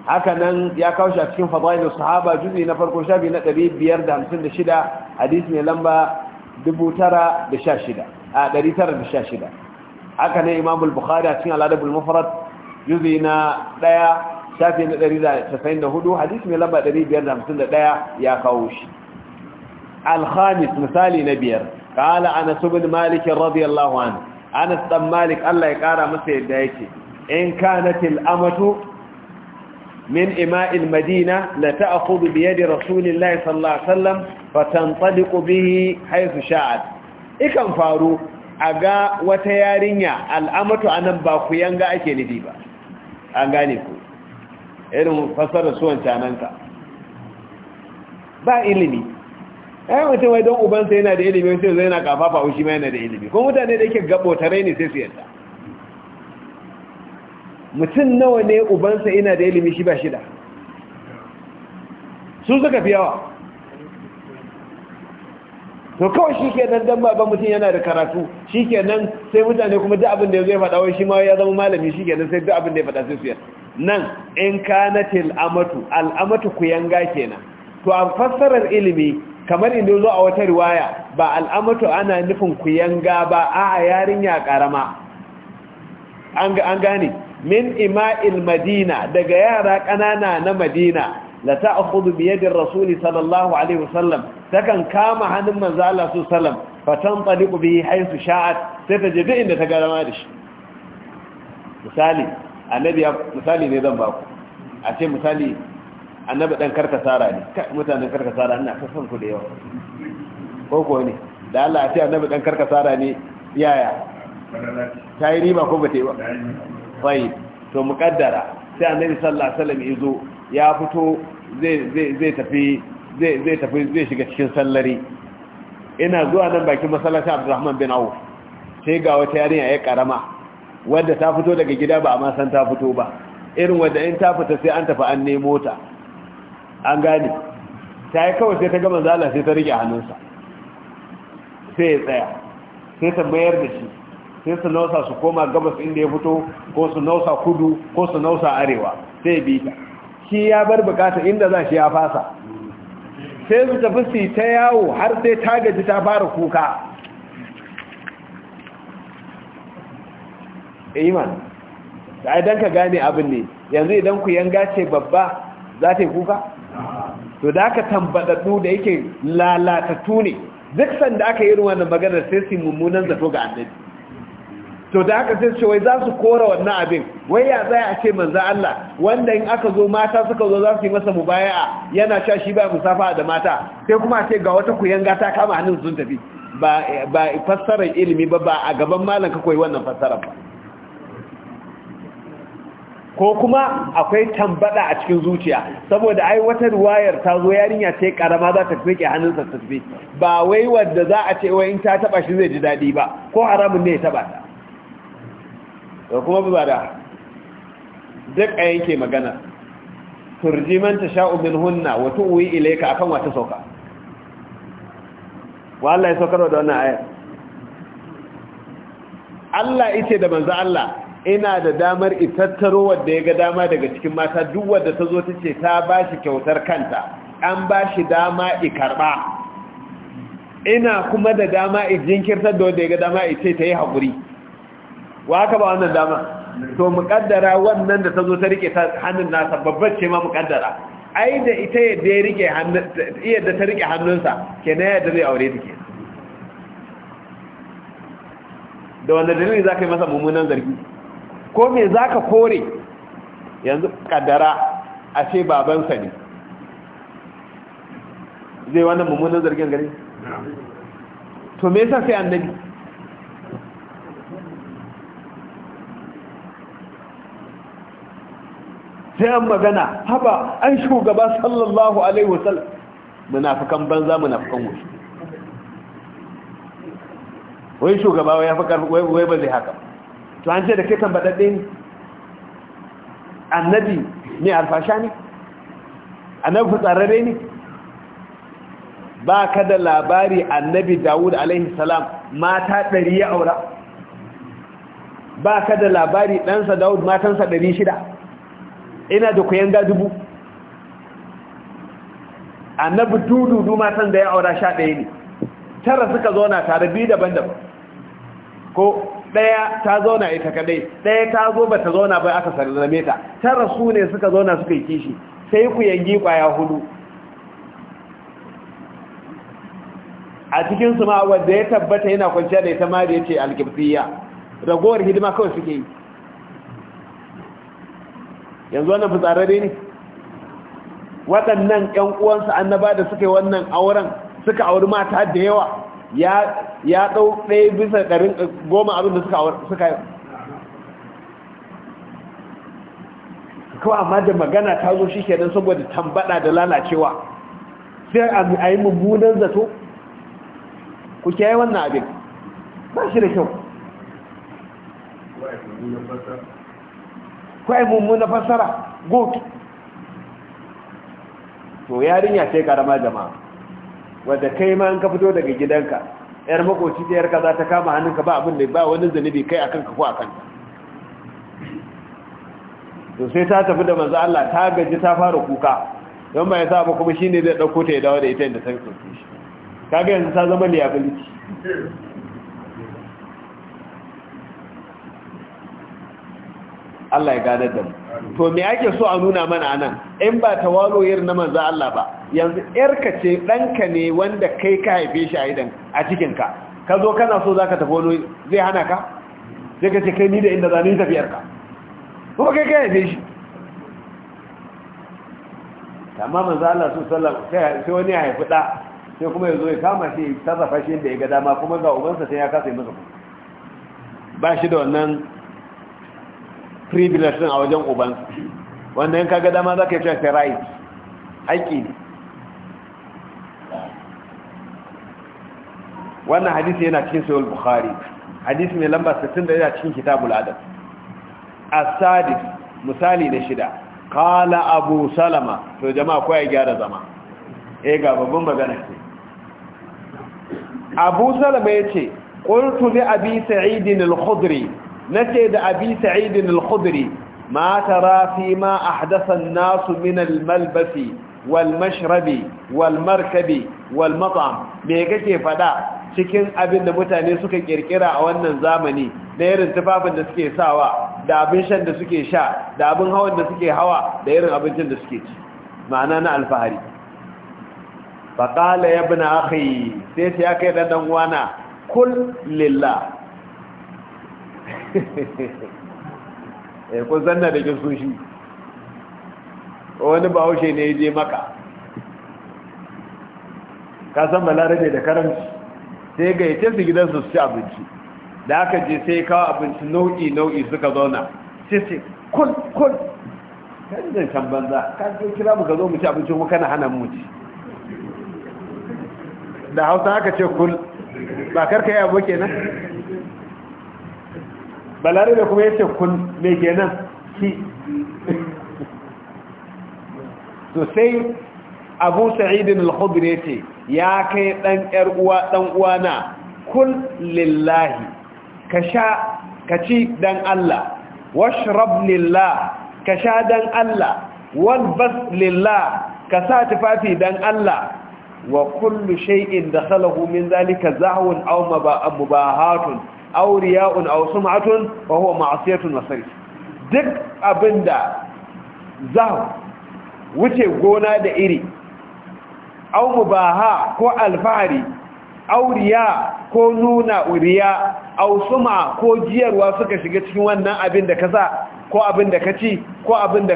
haka nan ya kawo shi a cikin fadailus sahaba juzi na farko shafi na 556 hadisi mai lamba 916 haka nan imam al-bukhari a cikin al-adab juzi na 1 shafi na 194 hadisi mai lamba 551 ya kawo shi alhamis misali na biyar kala anas ibn malik radiyallahu anhu anas malik Allah ya kara masa yadda yake in kanat amatu min ima'il madina la ta'khudhu bi yadi rasulillahi sallallahu alaihi wasallam fatantadiqu bihi haythu sha'at ikan faru ga wata yarinya al'amatu anan ba ku yanga ake nufi ba an gane ku irin fasara suwan cananka ba ilimi ai mutum wai don ubansa yana da ilimi sai zai yana kafafa ushi mai yana da ilimi kuma mutane da yake tare ne sai su yadda mutum nawa ne ubansa yana da ilimi shi ba shida su suka fi yawa to kawai shi ke nan dan baban mutum yana da karatu shi ke nan sai mutane kuma duk abin da ya zai faɗa wai shi ma ya zama malami shi ke nan sai duk abin da ya faɗa sai su yadda nan in kanatil amatu al'amatu yanga kenan to a fassarar ilimi kamar inda zo a wata riwaya ba al'amatu ana nufin kuyanga ba a yarinya karama an gane min ima'il madina daga yara ƙanana na madina la ta'khudhu bi yadi rasuli sallallahu alaihi wasallam takan kama hannun manzo Allah su sallam fatan taliqu bihi haisu sha'at sai ta je inda ta garama da shi misali annabi misali ne zan baku a ce misali annabi dan karkasara ne mutanen karkasara ina ta son ku da yawa ko ko ne da Allah ya ce annabi dan karkasara ne yaya ta yi riba ko bata yi ba sai to muƙaddara sai annabi sallallahu alaihi wasallam yazo ya fito zai zai zai tafi zai zai tafi zai shiga cikin sallari ina zuwa nan bakin masallacin Abdurrahman bin Auf sai ga wata yarinya ya karama wadda ta fito daga gida ba amma san ta fito ba irin wadda in ta fita sai an tafi an nemo ta an gane ta yi kawai sai ta gama zala sai ta rike hannunsa sai ya tsaya sai ta mayar da shi sai su nausa su koma gabas inda ya fito ko su nausa kudu ko su nausa arewa sai ya bita shi ya bar bukata inda za shi ya fasa sai su tafi su ta yawo har sai ta gaji ta fara kuka eh, iman da idan ka gane abin ne yanzu idan ku yanga ce babba za ta yi kuka to da aka tambadaddu da yake lalatatu ne duk sanda aka yi ruwan maganar sai su mummunan zato ga annabi to da aka sai wai za su kora wannan abin wai ya zai a ce manzo Allah wanda in aka zo mata suka zo za su yi masa mubaya'a yana sha shi ba musafa da mata sai kuma a ce ga wata kuyanga ta kama hannun sun tafi ba ba fassarar ilimi ba ba a gaban malam ka koyi wannan fassarar ba ko kuma akwai tambada a cikin zuciya saboda ai wata ruwayar ta zo yarinya ce karama za ta fike hannunsa sa tafi ba wai wanda za a ce wai in ta taba shi zai ji dadi ba ko haramun ne ya taba ta to kuma ba da duk a yanke magana turjiman ta sha'u min hunna wa tu'wi ilayka akan wata sauka wallahi sokar da wannan ayat Allah ita da manzo Allah ina da damar itattaro wadda ya ga dama daga cikin mata duk wadda ta zo ta ce ta ba shi kyautar kanta an ba shi dama ikarba ina kuma da dama jinkirtar da wadda ya ga dama ce ta yi haƙuri wa haka ba wannan dama to muƙaddara wannan da ta zo ta rike hannun nasa babbar ce ma muƙaddara ai da ita yadda ya rike hannun yadda ta rike hannunsa kenan yadda zai aure take da wanda dalili za ka yi masa mummunan zargi ko me za ka kore yanzu kaddara a ce babansa ne zai wannan mummunan zargin gari to me yasa sai annabi sai an magana haba an shugaba sallallahu alaihi wasallam munafikan banza munafikan wasu wai shugaba wai ya fi karfi wai ba zai haka ba to an ce da ke kan baɗaɗɗe ne annabi ne alfasha ne annabi fitsararre ne ba ka da labari annabi dawud alaihi salam mata ɗari ya aura ba ka da labari ɗansa dawud matansa ɗari shida ina da kuyan ga dubu annabi dududu matan da ya aura sha ɗaya ne tara suka zo na tare biyu daban-daban ko ɗaya ta zauna ita kadai ɗaya ta zo ba ta zauna ba aka sarrame ta ta rasu ne suka zauna suka yi kishi sai ku yangi kwaya hudu a cikin su ma wanda ya tabbata yana kwanciya da ita ma da yace alkibtiyya ragowar hidima kawai suke yi yanzu wannan fitsararre ne waɗannan ƴan uwansa annaba da suka yi wannan auren suka auri mata da yawa ya ɗau ɗaya bisa ɗarin eh, goma abin da suka yi kawai amma da magana ta zo shi kenan saboda tambada da lalacewa sai a yi mummunan zato ku kiyaye wannan abin ba shi da kyau kawai mummunan fassara, goki to yarinya ce karama jama'a wadda kai ma an ka fito daga gidanka yar makoci ta yarka za ta kama hannunka ba abin da ba wani zunubi kai akan ka ko akan to sai ta tafi da manzo Allah ta gaji ta fara kuka don ba ya sa ba kuma shine zai dauko ta ya dawo da ita inda ta tsoke shi kaga yanzu ta zama liability Allah ya gadar da mu to me ake so a nuna mana anan in ba tawalo yar na manzo Allah ba yanzu yarka ce danka ne wanda kai ka haife shi a idan a cikin ka ka zo kana so zaka tafi wani zai hana ka sai ka ce kai ni da inda yi tafiyar ka kuma kai ka haife shi amma manzo Allah alaihi sallam sai wani ya haifi da sai kuma yazo ya kama shi sarrafa shi da ya ga dama kuma ga ubansa sai ya kasa masa ba shi da wannan privilege din a wajen ubansu wanda yin kaga dama za ka yi cewa right haƙƙi ne wannan hadisi yana cikin sayar bukhari hadisi mai lamba 60 yana cikin kitabul adam as sadis misali na shida Kala abu salama to jama'a ko ya gyara zama E, ga babban magana ce abu salama ya ce qultu li abi sa'idin al-khudri nace da abi sa'id al-khudri ma tara fi ma ahdatha malbasi wal-mashrabi Walmarkabi, wal-mat'am me kake cikin abin da mutane suka kirkira a wannan zamani da irin tufafin da suke sawa da abin shan da suke sha da abin hawan da suke hawa da irin abincin da suke ci ma'ana na alfahari faƙala ya bi na sai sai ya kai ɗanɗan wana kul lillah eh kun zanna da kin sun shi wani bahaushe ne ya je maka ka san balarabe da karanci sai ga yake su gidansu su ci abinci da aka je sai kawo abinci nau'i nau'i suka zauna sai sai kun! kun kan zan can banza ka kira mu ka zo mu ci abinci mu kana hana mu ci da hausa aka ce kun ba karka yabo kenan balare da kuma yace kun me kenan ki to sai abu sa'idin al-khudri yace ya kai dan yar uwa dan uwana kun lillahi ka sha ka ci dan Allah washrab lillah ka sha dan Allah walbas lillah ka sa tufafi dan Allah wa kullu shay'in dakhalahu min zalika zahwun aw mubahatun aw riya'un aw sum'atun wa huwa ma'siyatun wa sarf duk abinda zahu wuce gona da iri aw mubaha ko alfahari aw riya ko nuna uriya, aw sum'a ko jiyarwa suka shiga cikin wannan abin da ka ko abin da ko abin da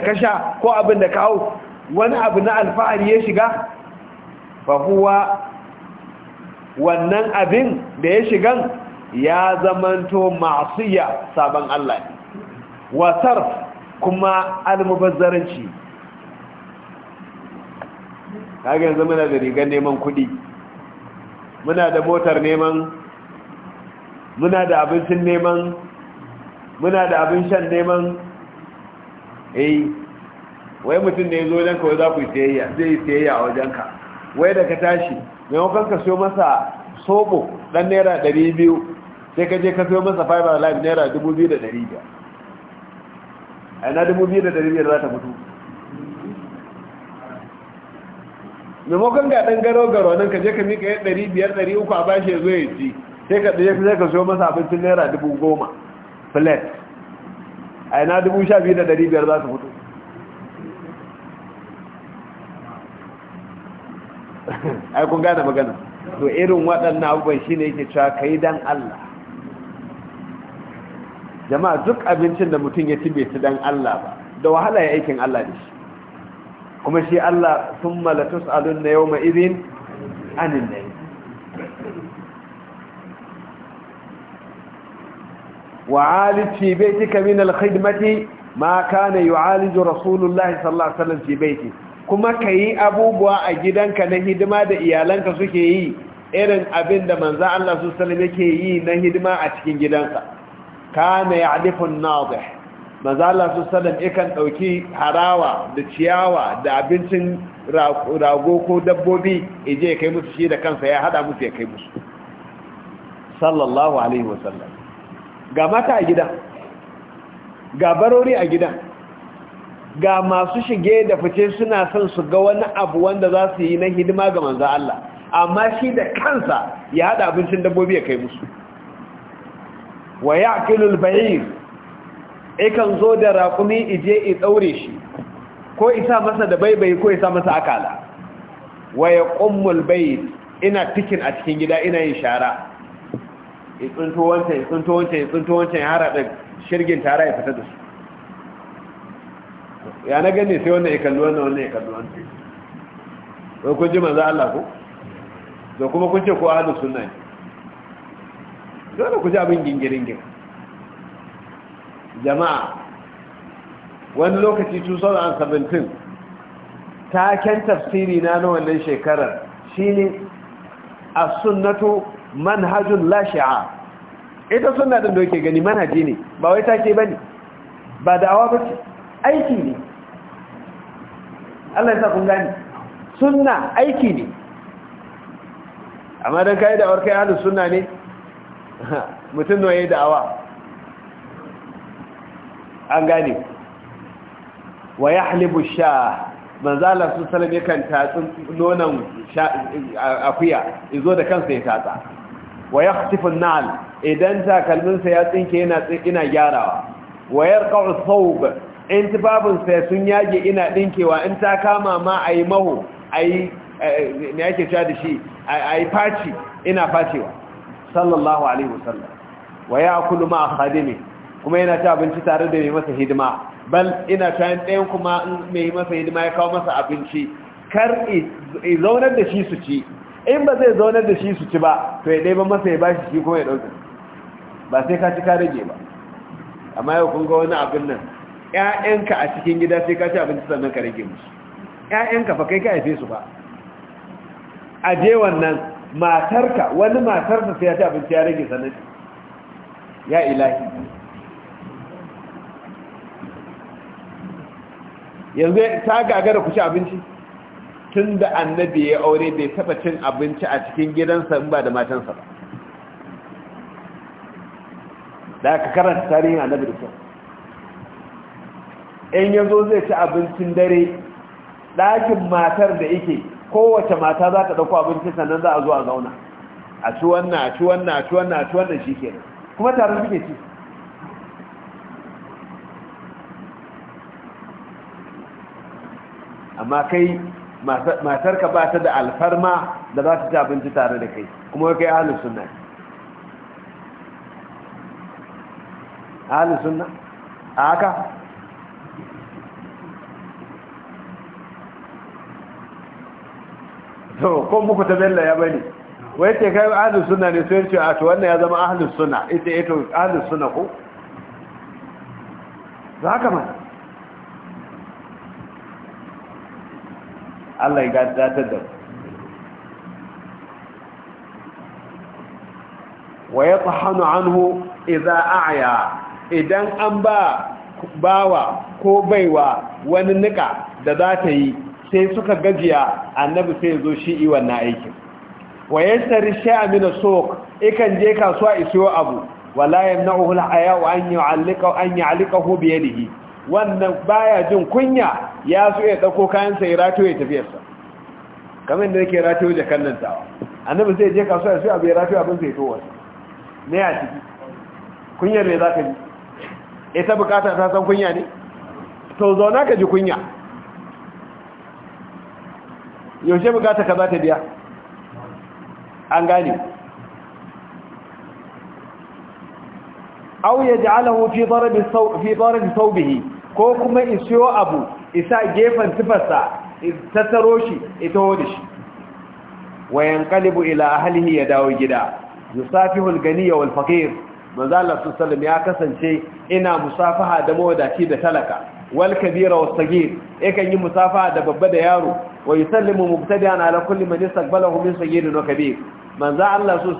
ko abin da ka hau wani abu na alfahari ya shiga fa huwa wannan abin da ya shigan ya zamanto ma'asiya sabon Allah ne wasar kuma almubazzaranci Kage yanzu muna da rigar neman kudi muna da motar neman muna da abincin neman muna da abin shan neman eh wai mutum ne zo wajenka wai za ku yi tsayayya zai yi a wajenka wai da ka tashi maimakon ka siyo masa sobo dan naira ɗari biyu sai ka je ka sayo masa fiber line naira 2,500 a yana 2,500 za ta fito maimakon ga ɗan garo-garo nan ka je ka mika yan 500-300 a bashi ya zo ya ci sai ka ɗaya ka sayo masa abincin naira 10,000 flat a yana 12,500 za ta mutu ai kun gane magana to irin waɗannan abubuwan shine yake cewa kai dan Allah jama'a duk abincin da mutum ya ci bai ci dan Allah ba da wahala ya aikin Allah da shi kuma shi Allah sun malatus alun na yau izin anin na wa alici bai ci kamin alkhidmati ma ka na rasulullah sallallahu kuma ka yi abubuwa a gidanka na hidima da iyalanka suke yi irin abin da manza Allah su salim yake yi na hidima a cikin gidanka. kana ya alifin nadih manzo su sallam yakan dauki harawa da ciyawa da abincin rago ko dabbobi ije kai musu shi da kansa ya hada musu ya kai musu sallallahu alaihi wasallam ga mata a gidan ga barori a gidan ga masu shige da fice suna son su ga wani abu wanda za su yi na hidima ga manzo Allah amma shi da kansa ya hada abincin dabbobi ya kai musu wa ya'kilu al-ba'ir ikan zo da raƙumi ije i daure shi ko isa masa da baibayi ko isa masa akala wa ya al-bayt ina tikin a cikin gida ina yin shara ya tsunto wancan ya tsinto wancan ya tsinto wancan ya harada shirgin tara ya fita da su ya na gani sai wannan ya kalli wannan wannan ya kalli wannan ko kun ji manzo Allah ko da kuma kun ce ko ahlus sunna ne dole ku ji abin gingirin gin jama'a wani lokaci 2017 taken tafsiri na na wannan shekarar shine a sunnatu manhajun la shi'a ita sunna da yake gani manhaji ne ba wai take ke ba ba ce aiki ne Allah ya sa kun gani sunna aiki ne amma don ka da aure kai ahlus sunna ne mutum nawa yayi da'awa an gane wa halibu sha manzo sun salame kan tatsun nonon akuya izo da kansa ya tatsa wa ya hatifin naal idan takalminsa ya tsinke yana ina gyarawa wa yarqa'u thawb in ya sun yage ina dinkewa in ta kama ma ayi maho ayi eh, me yake da shi a yi faci ina facewa sallallahu alaihi wasallam wa ya'kulu ma khadimi kuma yana ta abinci tare da mai masa hidima bal ina ta yin ɗayan kuma mai masa hidima ya kawo masa abinci kar i zaunar da shi su ci in ba zai zaunar da shi su ci ba to ya ɗaya ba masa ya bashi shi kuma ya ɗauka ba sai ka ci ka rage ba amma yau kun ga wani abin nan ƴaƴanka a cikin gida sai ka ci abinci sannan ka rage musu ƴaƴanka fa kai ka haife su ba a je wannan matarka wani matarsa sai ya ci abinci ya rage sanadi ya ilahi yanzu ta da ku ci abinci tun da annabi ya aure bai taba cin abinci a cikin gidansa in ba da matansa ba da aka karanta tarihin annabi da kyau in yanzu zai ci abincin dare ɗakin matar da yake kowace mata za ta ɗauko abinci sannan za a zo a zauna a ci wannan a ci wannan a ci wannan a ci wannan shi ke. kuma tare suke ci amma kai matar ba ta da alfarma da za ta ci abinci tare da kai kuma kai ahalin sunna ahalin sunna a haka to ko muku ta bella ya bane wai ce kai ahli sunna ne sai ce a to wannan ya zama ahli sunna ita ita ahli sunna ko za ka ma Allah ya gata da wa ya tsahanu anhu idza a'ya idan an ba bawa ko baiwa wani nika da za ta yi sai suka gajiya annabi sai ya zo shi yi wannan aikin wa tsari sha'a mina sok ikan je kasuwa isiyo abu wala yamna'uhu al-haya an yu'allika an yu'allikahu bi yadihi wannan baya jin kunya ya so ya dauko kayan sai rato ya tafi sa kamar da yake rato da kannan tawa annabi sai je kasuwa isiyo abu ya rato abin sai to wasa ne a ciki kunyar ne zaka ji ita bukata ta san kunya ne to zauna ka ji kunya yaushe bukata ka za ta biya an gane ya yaj'alahu fi darabi fi darabi thawbihi ko kuma isiyo abu isa gefen ta tattaro shi ita wodi shi wayan yanqalibu ila ahlihi ya dawo gida yusafihu al-ghani wal faqir manzo Allah sallallahu ya kasance ina musafaha da mawadaci da talaka wal kabira was sagir yakan yi musafa da babba da yaro wa yusallimu mubtadi'an ala kulli man yastaqbalahu min na wa kabir manzo Allah su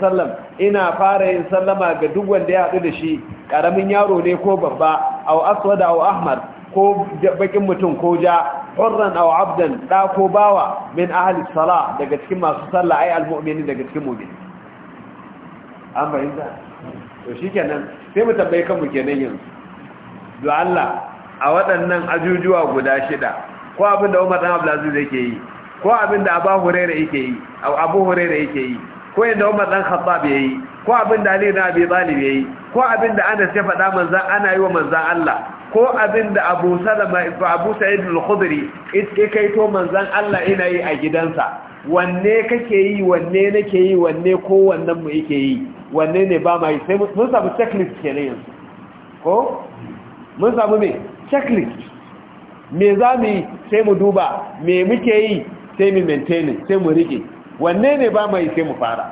ina fara yin sallama ga duk wanda ya hadu da shi karamin yaro ne ko babba aw aswad aw ahmar ko bakin mutum ko ja hurran aw abdan da ko bawa min ahli salah daga cikin masu sallah ai almu'minin daga cikin mu'mini an bayyana to shikenan sai mu tambaye kanmu kenan yanzu do Allah a waɗannan ajujuwa guda shida ko abin da Umar dan Abdulaziz yake yi ko abin da Abu Hurairah yake yi Abu Hurairah yake yi ko yadda Umar dan Khattab yi, ko abin da Ali na Abi Talib yi. ko abin da Anas ya faɗa manzan ana yi wa manzan Allah ko abin da Abu Salama ko Abu Sa'id al-Khudri ita kai to manzan Allah ina yi a gidansa wanne kake yi wanne nake yi wanne ko wannan mu yake yi wanne ne ba mai sai mun samu checklist kenan yanzu ko mun samu me checklist me za mu yi sai mu duba me muke yi sai mu maintaining sai mu rike wanne ne ba mai sai mu fara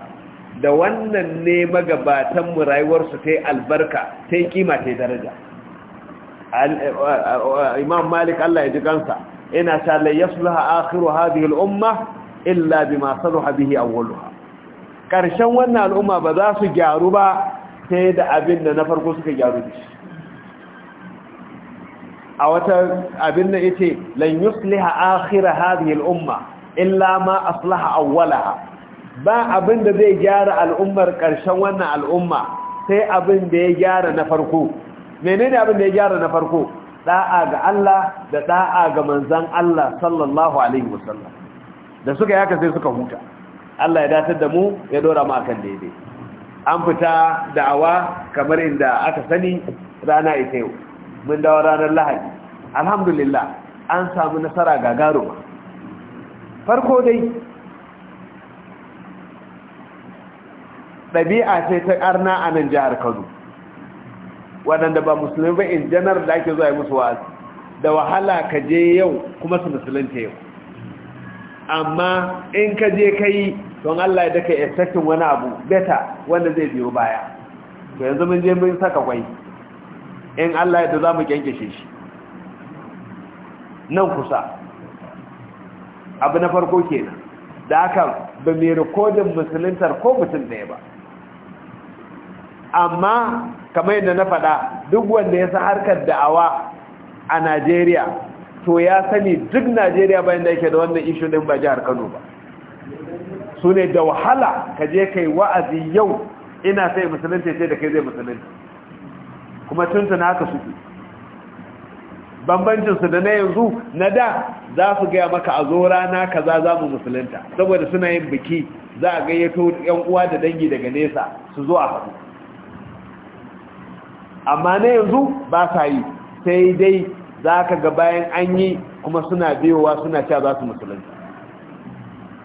da wannan ne magabatan mu rayuwarsu sai albarka sai kima sai daraja eh, eh, imam malik allah ya ji kansa ina ta la yasluha akhiru hadhihi al-umma illa bima salaha bihi awwaluha karshen wannan al'umma ba za su gyaru ba sai da abin da na farko suka gyaru dashi a wata abin da yace lan yusliha akhir hadhihi al-umma illa ma aslaha awwalaha ba abin da zai gyara al'ummar karshen wannan al'umma sai abin da ya gyara na farko menene abin da ya gyara na farko da'a ga Allah da da'a ga manzan Allah sallallahu alaihi wasallam da suka yaka sai suka huta Allah ya datar da mu ya dora mu akan daidai an fita da'awa kamar inda aka sani rana ita yau mun dawo ranar lahadi alhamdulillah an samu nasara garo farko dai ɗabi'a ce ta ƙarna a nan jihar kano waɗanda ba musulmi ba in janar da ake zuwa yi musu wa'azi da wahala ka je yau kuma su musulunta yau amma in ka je ka yi don allah da ka yi wani abu beta wanda zai biyo baya to yanzu mun je mun saka kwai in Allah yadda za mu kyankyashe shi nan kusa abu na farko kenan da aka ba mai rikodin musuluntar ko mutum ɗaya ba amma kamar yadda na faɗa duk wanda ya sa harkar da'awa a najeriya to ya sani duk najeriya bayan da yake da wannan ishu ɗin ba jihar kano ba su ne da wahala ka je kai wa'azi yau ina sai musulunci ce da kai zai musulunta kuma tuntuna haka suke bambancinsu da na yanzu na da za su gaya maka a zo rana kaza za mu musulunta saboda suna yin biki za a gayyato yan uwa da dangi daga nesa su zo a haɗu amma na yanzu ba sa yi sai dai za ka ga bayan an yi kuma suna biyowa suna cewa za su musulunta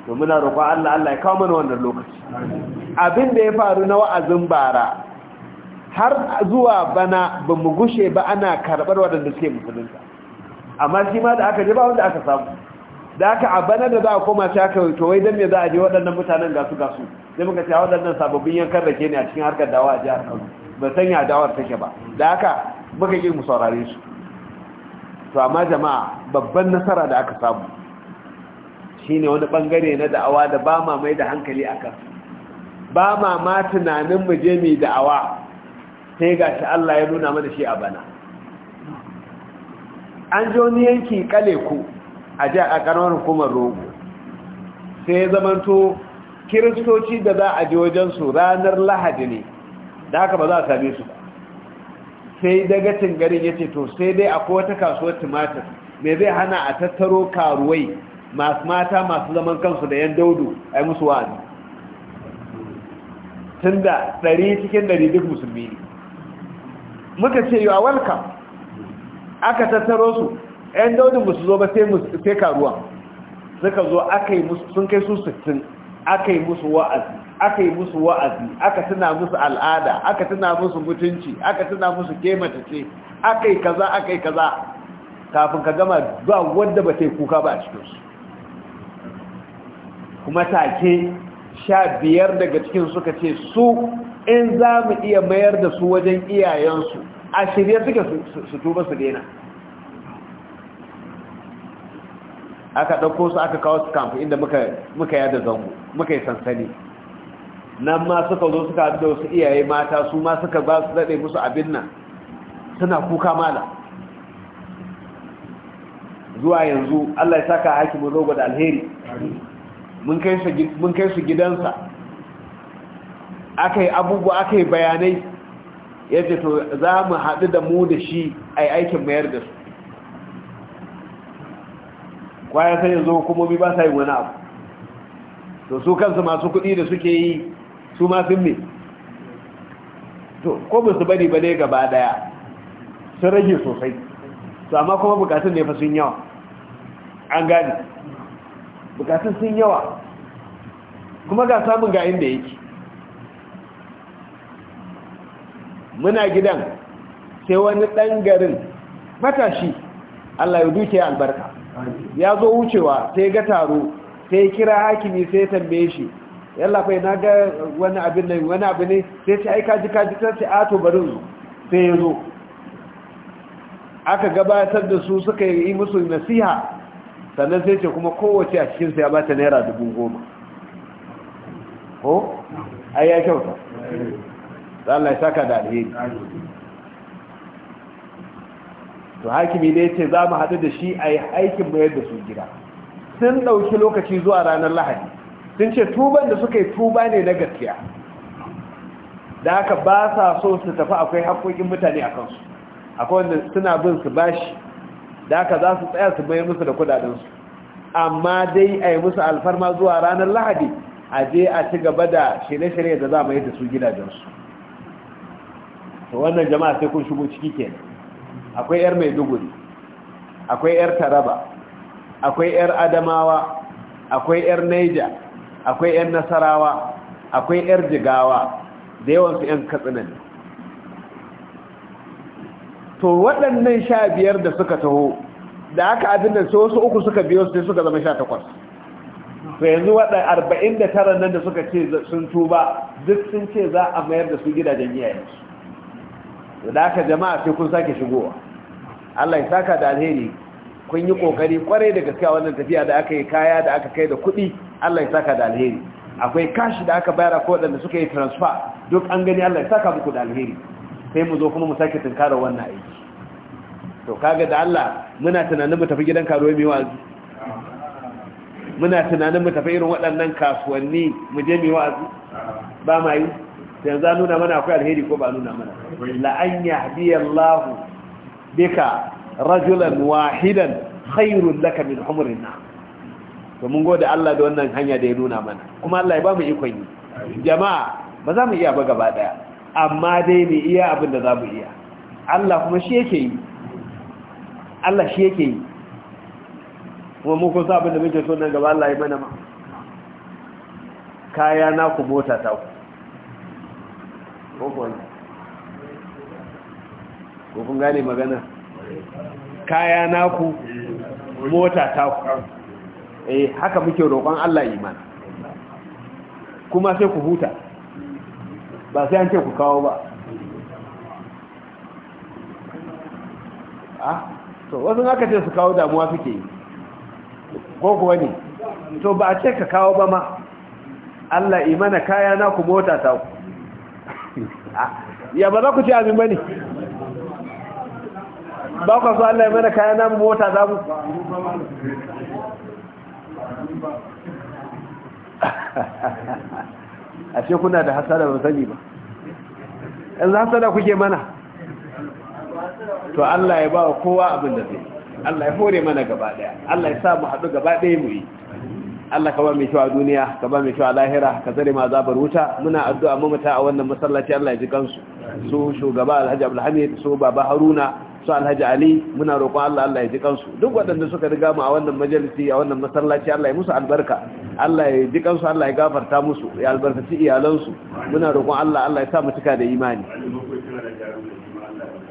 domin a roƙon Allah Allah ya kawo mana wannan lokaci abin da ya faru na wa'azin bara har zuwa bana ba mu gushe ba ana karɓar waɗanda suke musulunta amma shi ma da aka je ba wanda aka samu da aka a bana da za a koma shi aka to wai don me za a je waɗannan mutanen gasu gasu sai muka ce waɗannan sababbin yankan rake ne a cikin harkar dawa a jihar kano ba sanya dawar take ba da haka muka ƙi mu saurare su to amma jama'a babban nasara da aka samu shine wani bangare na da'awa da ba ma mai da hankali akan ba ma ma tunanin mu je mu da'awa sai ga shi Allah ya nuna mana shi a bana an ji wani yanki kale ku a ji a karamar hukumar rogo sai ya zamanto kiristoci da za a ji wajensu ranar lahadi ne da haka ba za a same su sai dagacin garin ya ce to sai dai akwai wata kasuwar tumatir mai zai hana a tattaro karuwai masu mata masu zaman kansu da yan daudu a yi musu wa'azi tun ɗari cikin ɗari duk musulmi ne muka ce yi a aka tattaro su ‘yan daudin musu zo ba sai karuwa suka zo sun kai su 60 aka yi musu wa'azi aka yi musu wa'azi aka tuna musu al'ada aka tuna musu mutunci aka tuna musu kemata ce aka yi kaza aka yi kaza kafin ka gama ba wadda ba sai kuka ba a cikinsu kuma take sha biyar daga cikin suka ce su in za mu iya mayar da su wajen iyayensu a shirye suke su tuba su dena aka ɗauko su aka kawo su kamfi inda muka yada zango muka yi sansani nan ma suka zo suka haɗu da wasu iyaye mata su ma suka ba su daɗe musu abin nan suna kuka mala zuwa yanzu allah ya saka hakimin rogo da alheri mun kai su gidansa aka yi abubuwa aka yi bayanai ya to za mu haɗu da mu da shi a yi aikin mayar da su kwaya sai yanzu hukumomi ba sa yi wani abu to su kansu masu kuɗi da suke yi su ma sun ne to ko ba su bari ba ne gaba daya sun rage sosai to amma kuma bukatun ne fa sun yawa an gane bukatun sun yawa kuma ga samun ga inda yake muna gidan sai wani ɗan garin matashi Allah ya duke albarka ya zo wucewa sai ga taro sai kira hakimi sai tambaye shi yalla fa na ga wani abin nan wani abu ne sai sai aika jika jika sai a to bari zo sai ya zo aka gabatar da su suka yi musu nasiha sannan sai ce kuma kowace a cikin ya bata naira dubu goma ko ai ya kyauta Allah ya saka da alheri to hakimi ne ce za mu haɗu da shi a yi aikin mayar da su gida sun ɗauki lokaci zuwa ranar lahadi sun ce tuban da suka yi tuba ne na gaskiya da aka ba sa so su tafi akwai haƙoƙin mutane a kansu akwai wanda suna bin su bashi da aka za su tsaya su mayar musu da kudadensu amma dai a yi musu alfarma zuwa ranar lahadi a je a ci gaba da shirye-shirye da za mu yi da su gidajensu to wannan jama'a sai kun shigo ciki kenan akwai yar maiduguri akwai yar taraba akwai yar adamawa akwai yar naija akwai yar nasarawa akwai yar jigawa da yawansu yan katsina ne to waɗannan sha biyar da suka taho da aka abin da sai wasu uku suka biyo sai suka zama sha takwas to yanzu waɗanda arba'in da tara nan da suka ce sun tuba duk sun ce za a mayar da su gidajen iyayensu da aka jama'a sai kun sake shigowa Allah ya saka da alheri kun yi kokari kwarai da gaskiya wannan tafiya da aka yi kaya da aka kai da kuɗi Allah ya saka da alheri akwai kashi da aka bayar ko waɗanda suka yi transfer duk an gani Allah ya saka muku da alheri sai mu zo kuma mu sake tunkara wannan aiki to kaga da Allah muna tunanin mu tafi gidan karuwa mai wa'azi muna tunanin mu tafi irin waɗannan kasuwanni mu je mai wa'azi ba ma yanzu an nuna mana akwai alheri ko ba nuna mana la'an yahdiyallahu bika rajulan wahidan khairun laka min umrin na to mun gode Allah da wannan hanya da ya nuna mana kuma Allah ya ba mu ikon yi jama'a ba za mu iya ba gaba daya amma dai mu iya abin da za mu iya Allah kuma shi yake yi Allah shi yake yi kuma mu kun sa abin da muke so nan gaba Allah ya mana ma kaya na ku mota ta ku ko kun gane magana kaya naku mota taku eh haka muke roƙon Allah iman kuma sai ku huta ba sai an ce ku kawo ba ah to wasu aka ce su kawo damuwa suke yi ko kuwa to ba a ce ka kawo ba ma Allah imana kaya naku mota taku ya ba za ku ce amin ba ne ba ku so Allah ya mana kayan namu mota za mu a ce kuna da hasada ba sani ba yanzu hasada kuke mana to Allah ya ba kowa abin da zai Allah ya hore mana gaba daya Allah ya sa mu haɗu gaba daya mu yi Allah ka ba mai kyau a duniya ka ba mai kyau a lahira ka tsare ma zabar wuta muna addu'a mu mamata a wannan masallaci Allah ya ji kansu su shugaba Alhaji Abdulhamid su baba Haruna su Alhaji Ali muna roƙon Allah Allah ya ji kansu duk waɗanda suka riga mu a wannan majalisi a wannan masallaci Allah ya musu albarka Allah ya ji kansu Allah ya gafarta musu ya albarkaci iyalansu muna roƙon Allah Allah ya sa mu cika da imani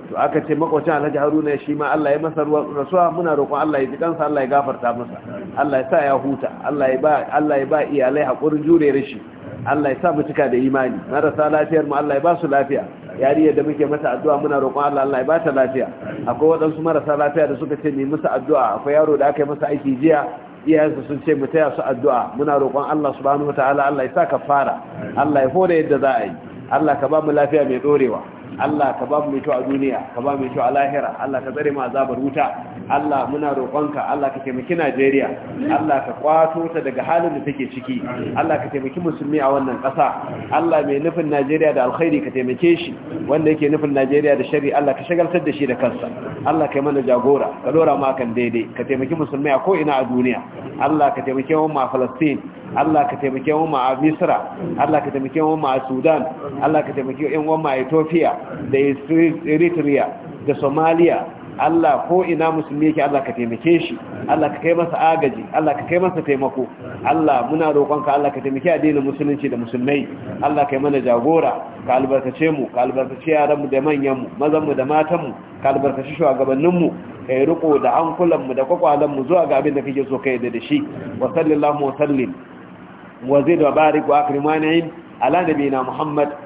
to aka ce makwacin Alhaji Haruna shi ma Allah ya masa ruwan, rasuwa muna roƙon Allah ya ji kansa Allah ya gafarta masa Allah ya sa ya huta Allah ya ba iyalai hakurin jure rashi Allah ya sa mu cika da imani marasa lafiyar mu Allah ya ba su lafiya yariyar da muke masa addu'a muna roƙon Allah Allah ya ba ta lafiya akwai waɗansu marasa lafiya da suka ce ne musu addu'a akwai yaro da aka yi masa aiki jiya iyayensu sun ce mu taya su addu'a muna roƙon Allah subhanahu wataala Allah ya sa kafara Allah ya hore yadda za a yi Allah ka ba mu lafiya mai dorewa Allah ka ba mu mai kyau a duniya ka ba mu mai kyau a lahira Allah ka tsare mu azabar wuta Allah muna roƙonka Allah ka taimaki Najeriya Allah ka kwato ta daga halin da take ciki Allah ka taimaki musulmi a wannan ƙasa Allah mai nufin Najeriya da alkhairi ka taimake shi wanda yake nufin Najeriya da shari Allah ka shagaltar da shi da kansa Allah ka yi mana jagora ka dora mu akan daidai ka taimaki musulmi a ko ina a duniya Allah ka taimake mu a Palestine Allah ka taimake mu a Misra Allah ka taimake mu a Sudan Allah ka taimake mu ma Ethiopia da eritrea da somalia Allah ko ina musulmi yake Allah ka taimake shi Allah ka kai masa agaji Allah ka kai masa taimako Allah muna roƙonka Allah ka taimake addinin musulunci da musulmai Allah ka yi mana jagora ka albarkace mu ka albarkace yaran mu da manyan mu mazan mu da matan mu ka albarkace shugabannin mu yi riko da ankulan mu da kwakwalan mu zuwa ga abin da kake so kai da shi wa sallallahu wa sallim wa zid wa barik wa akrim ala nabiyina muhammad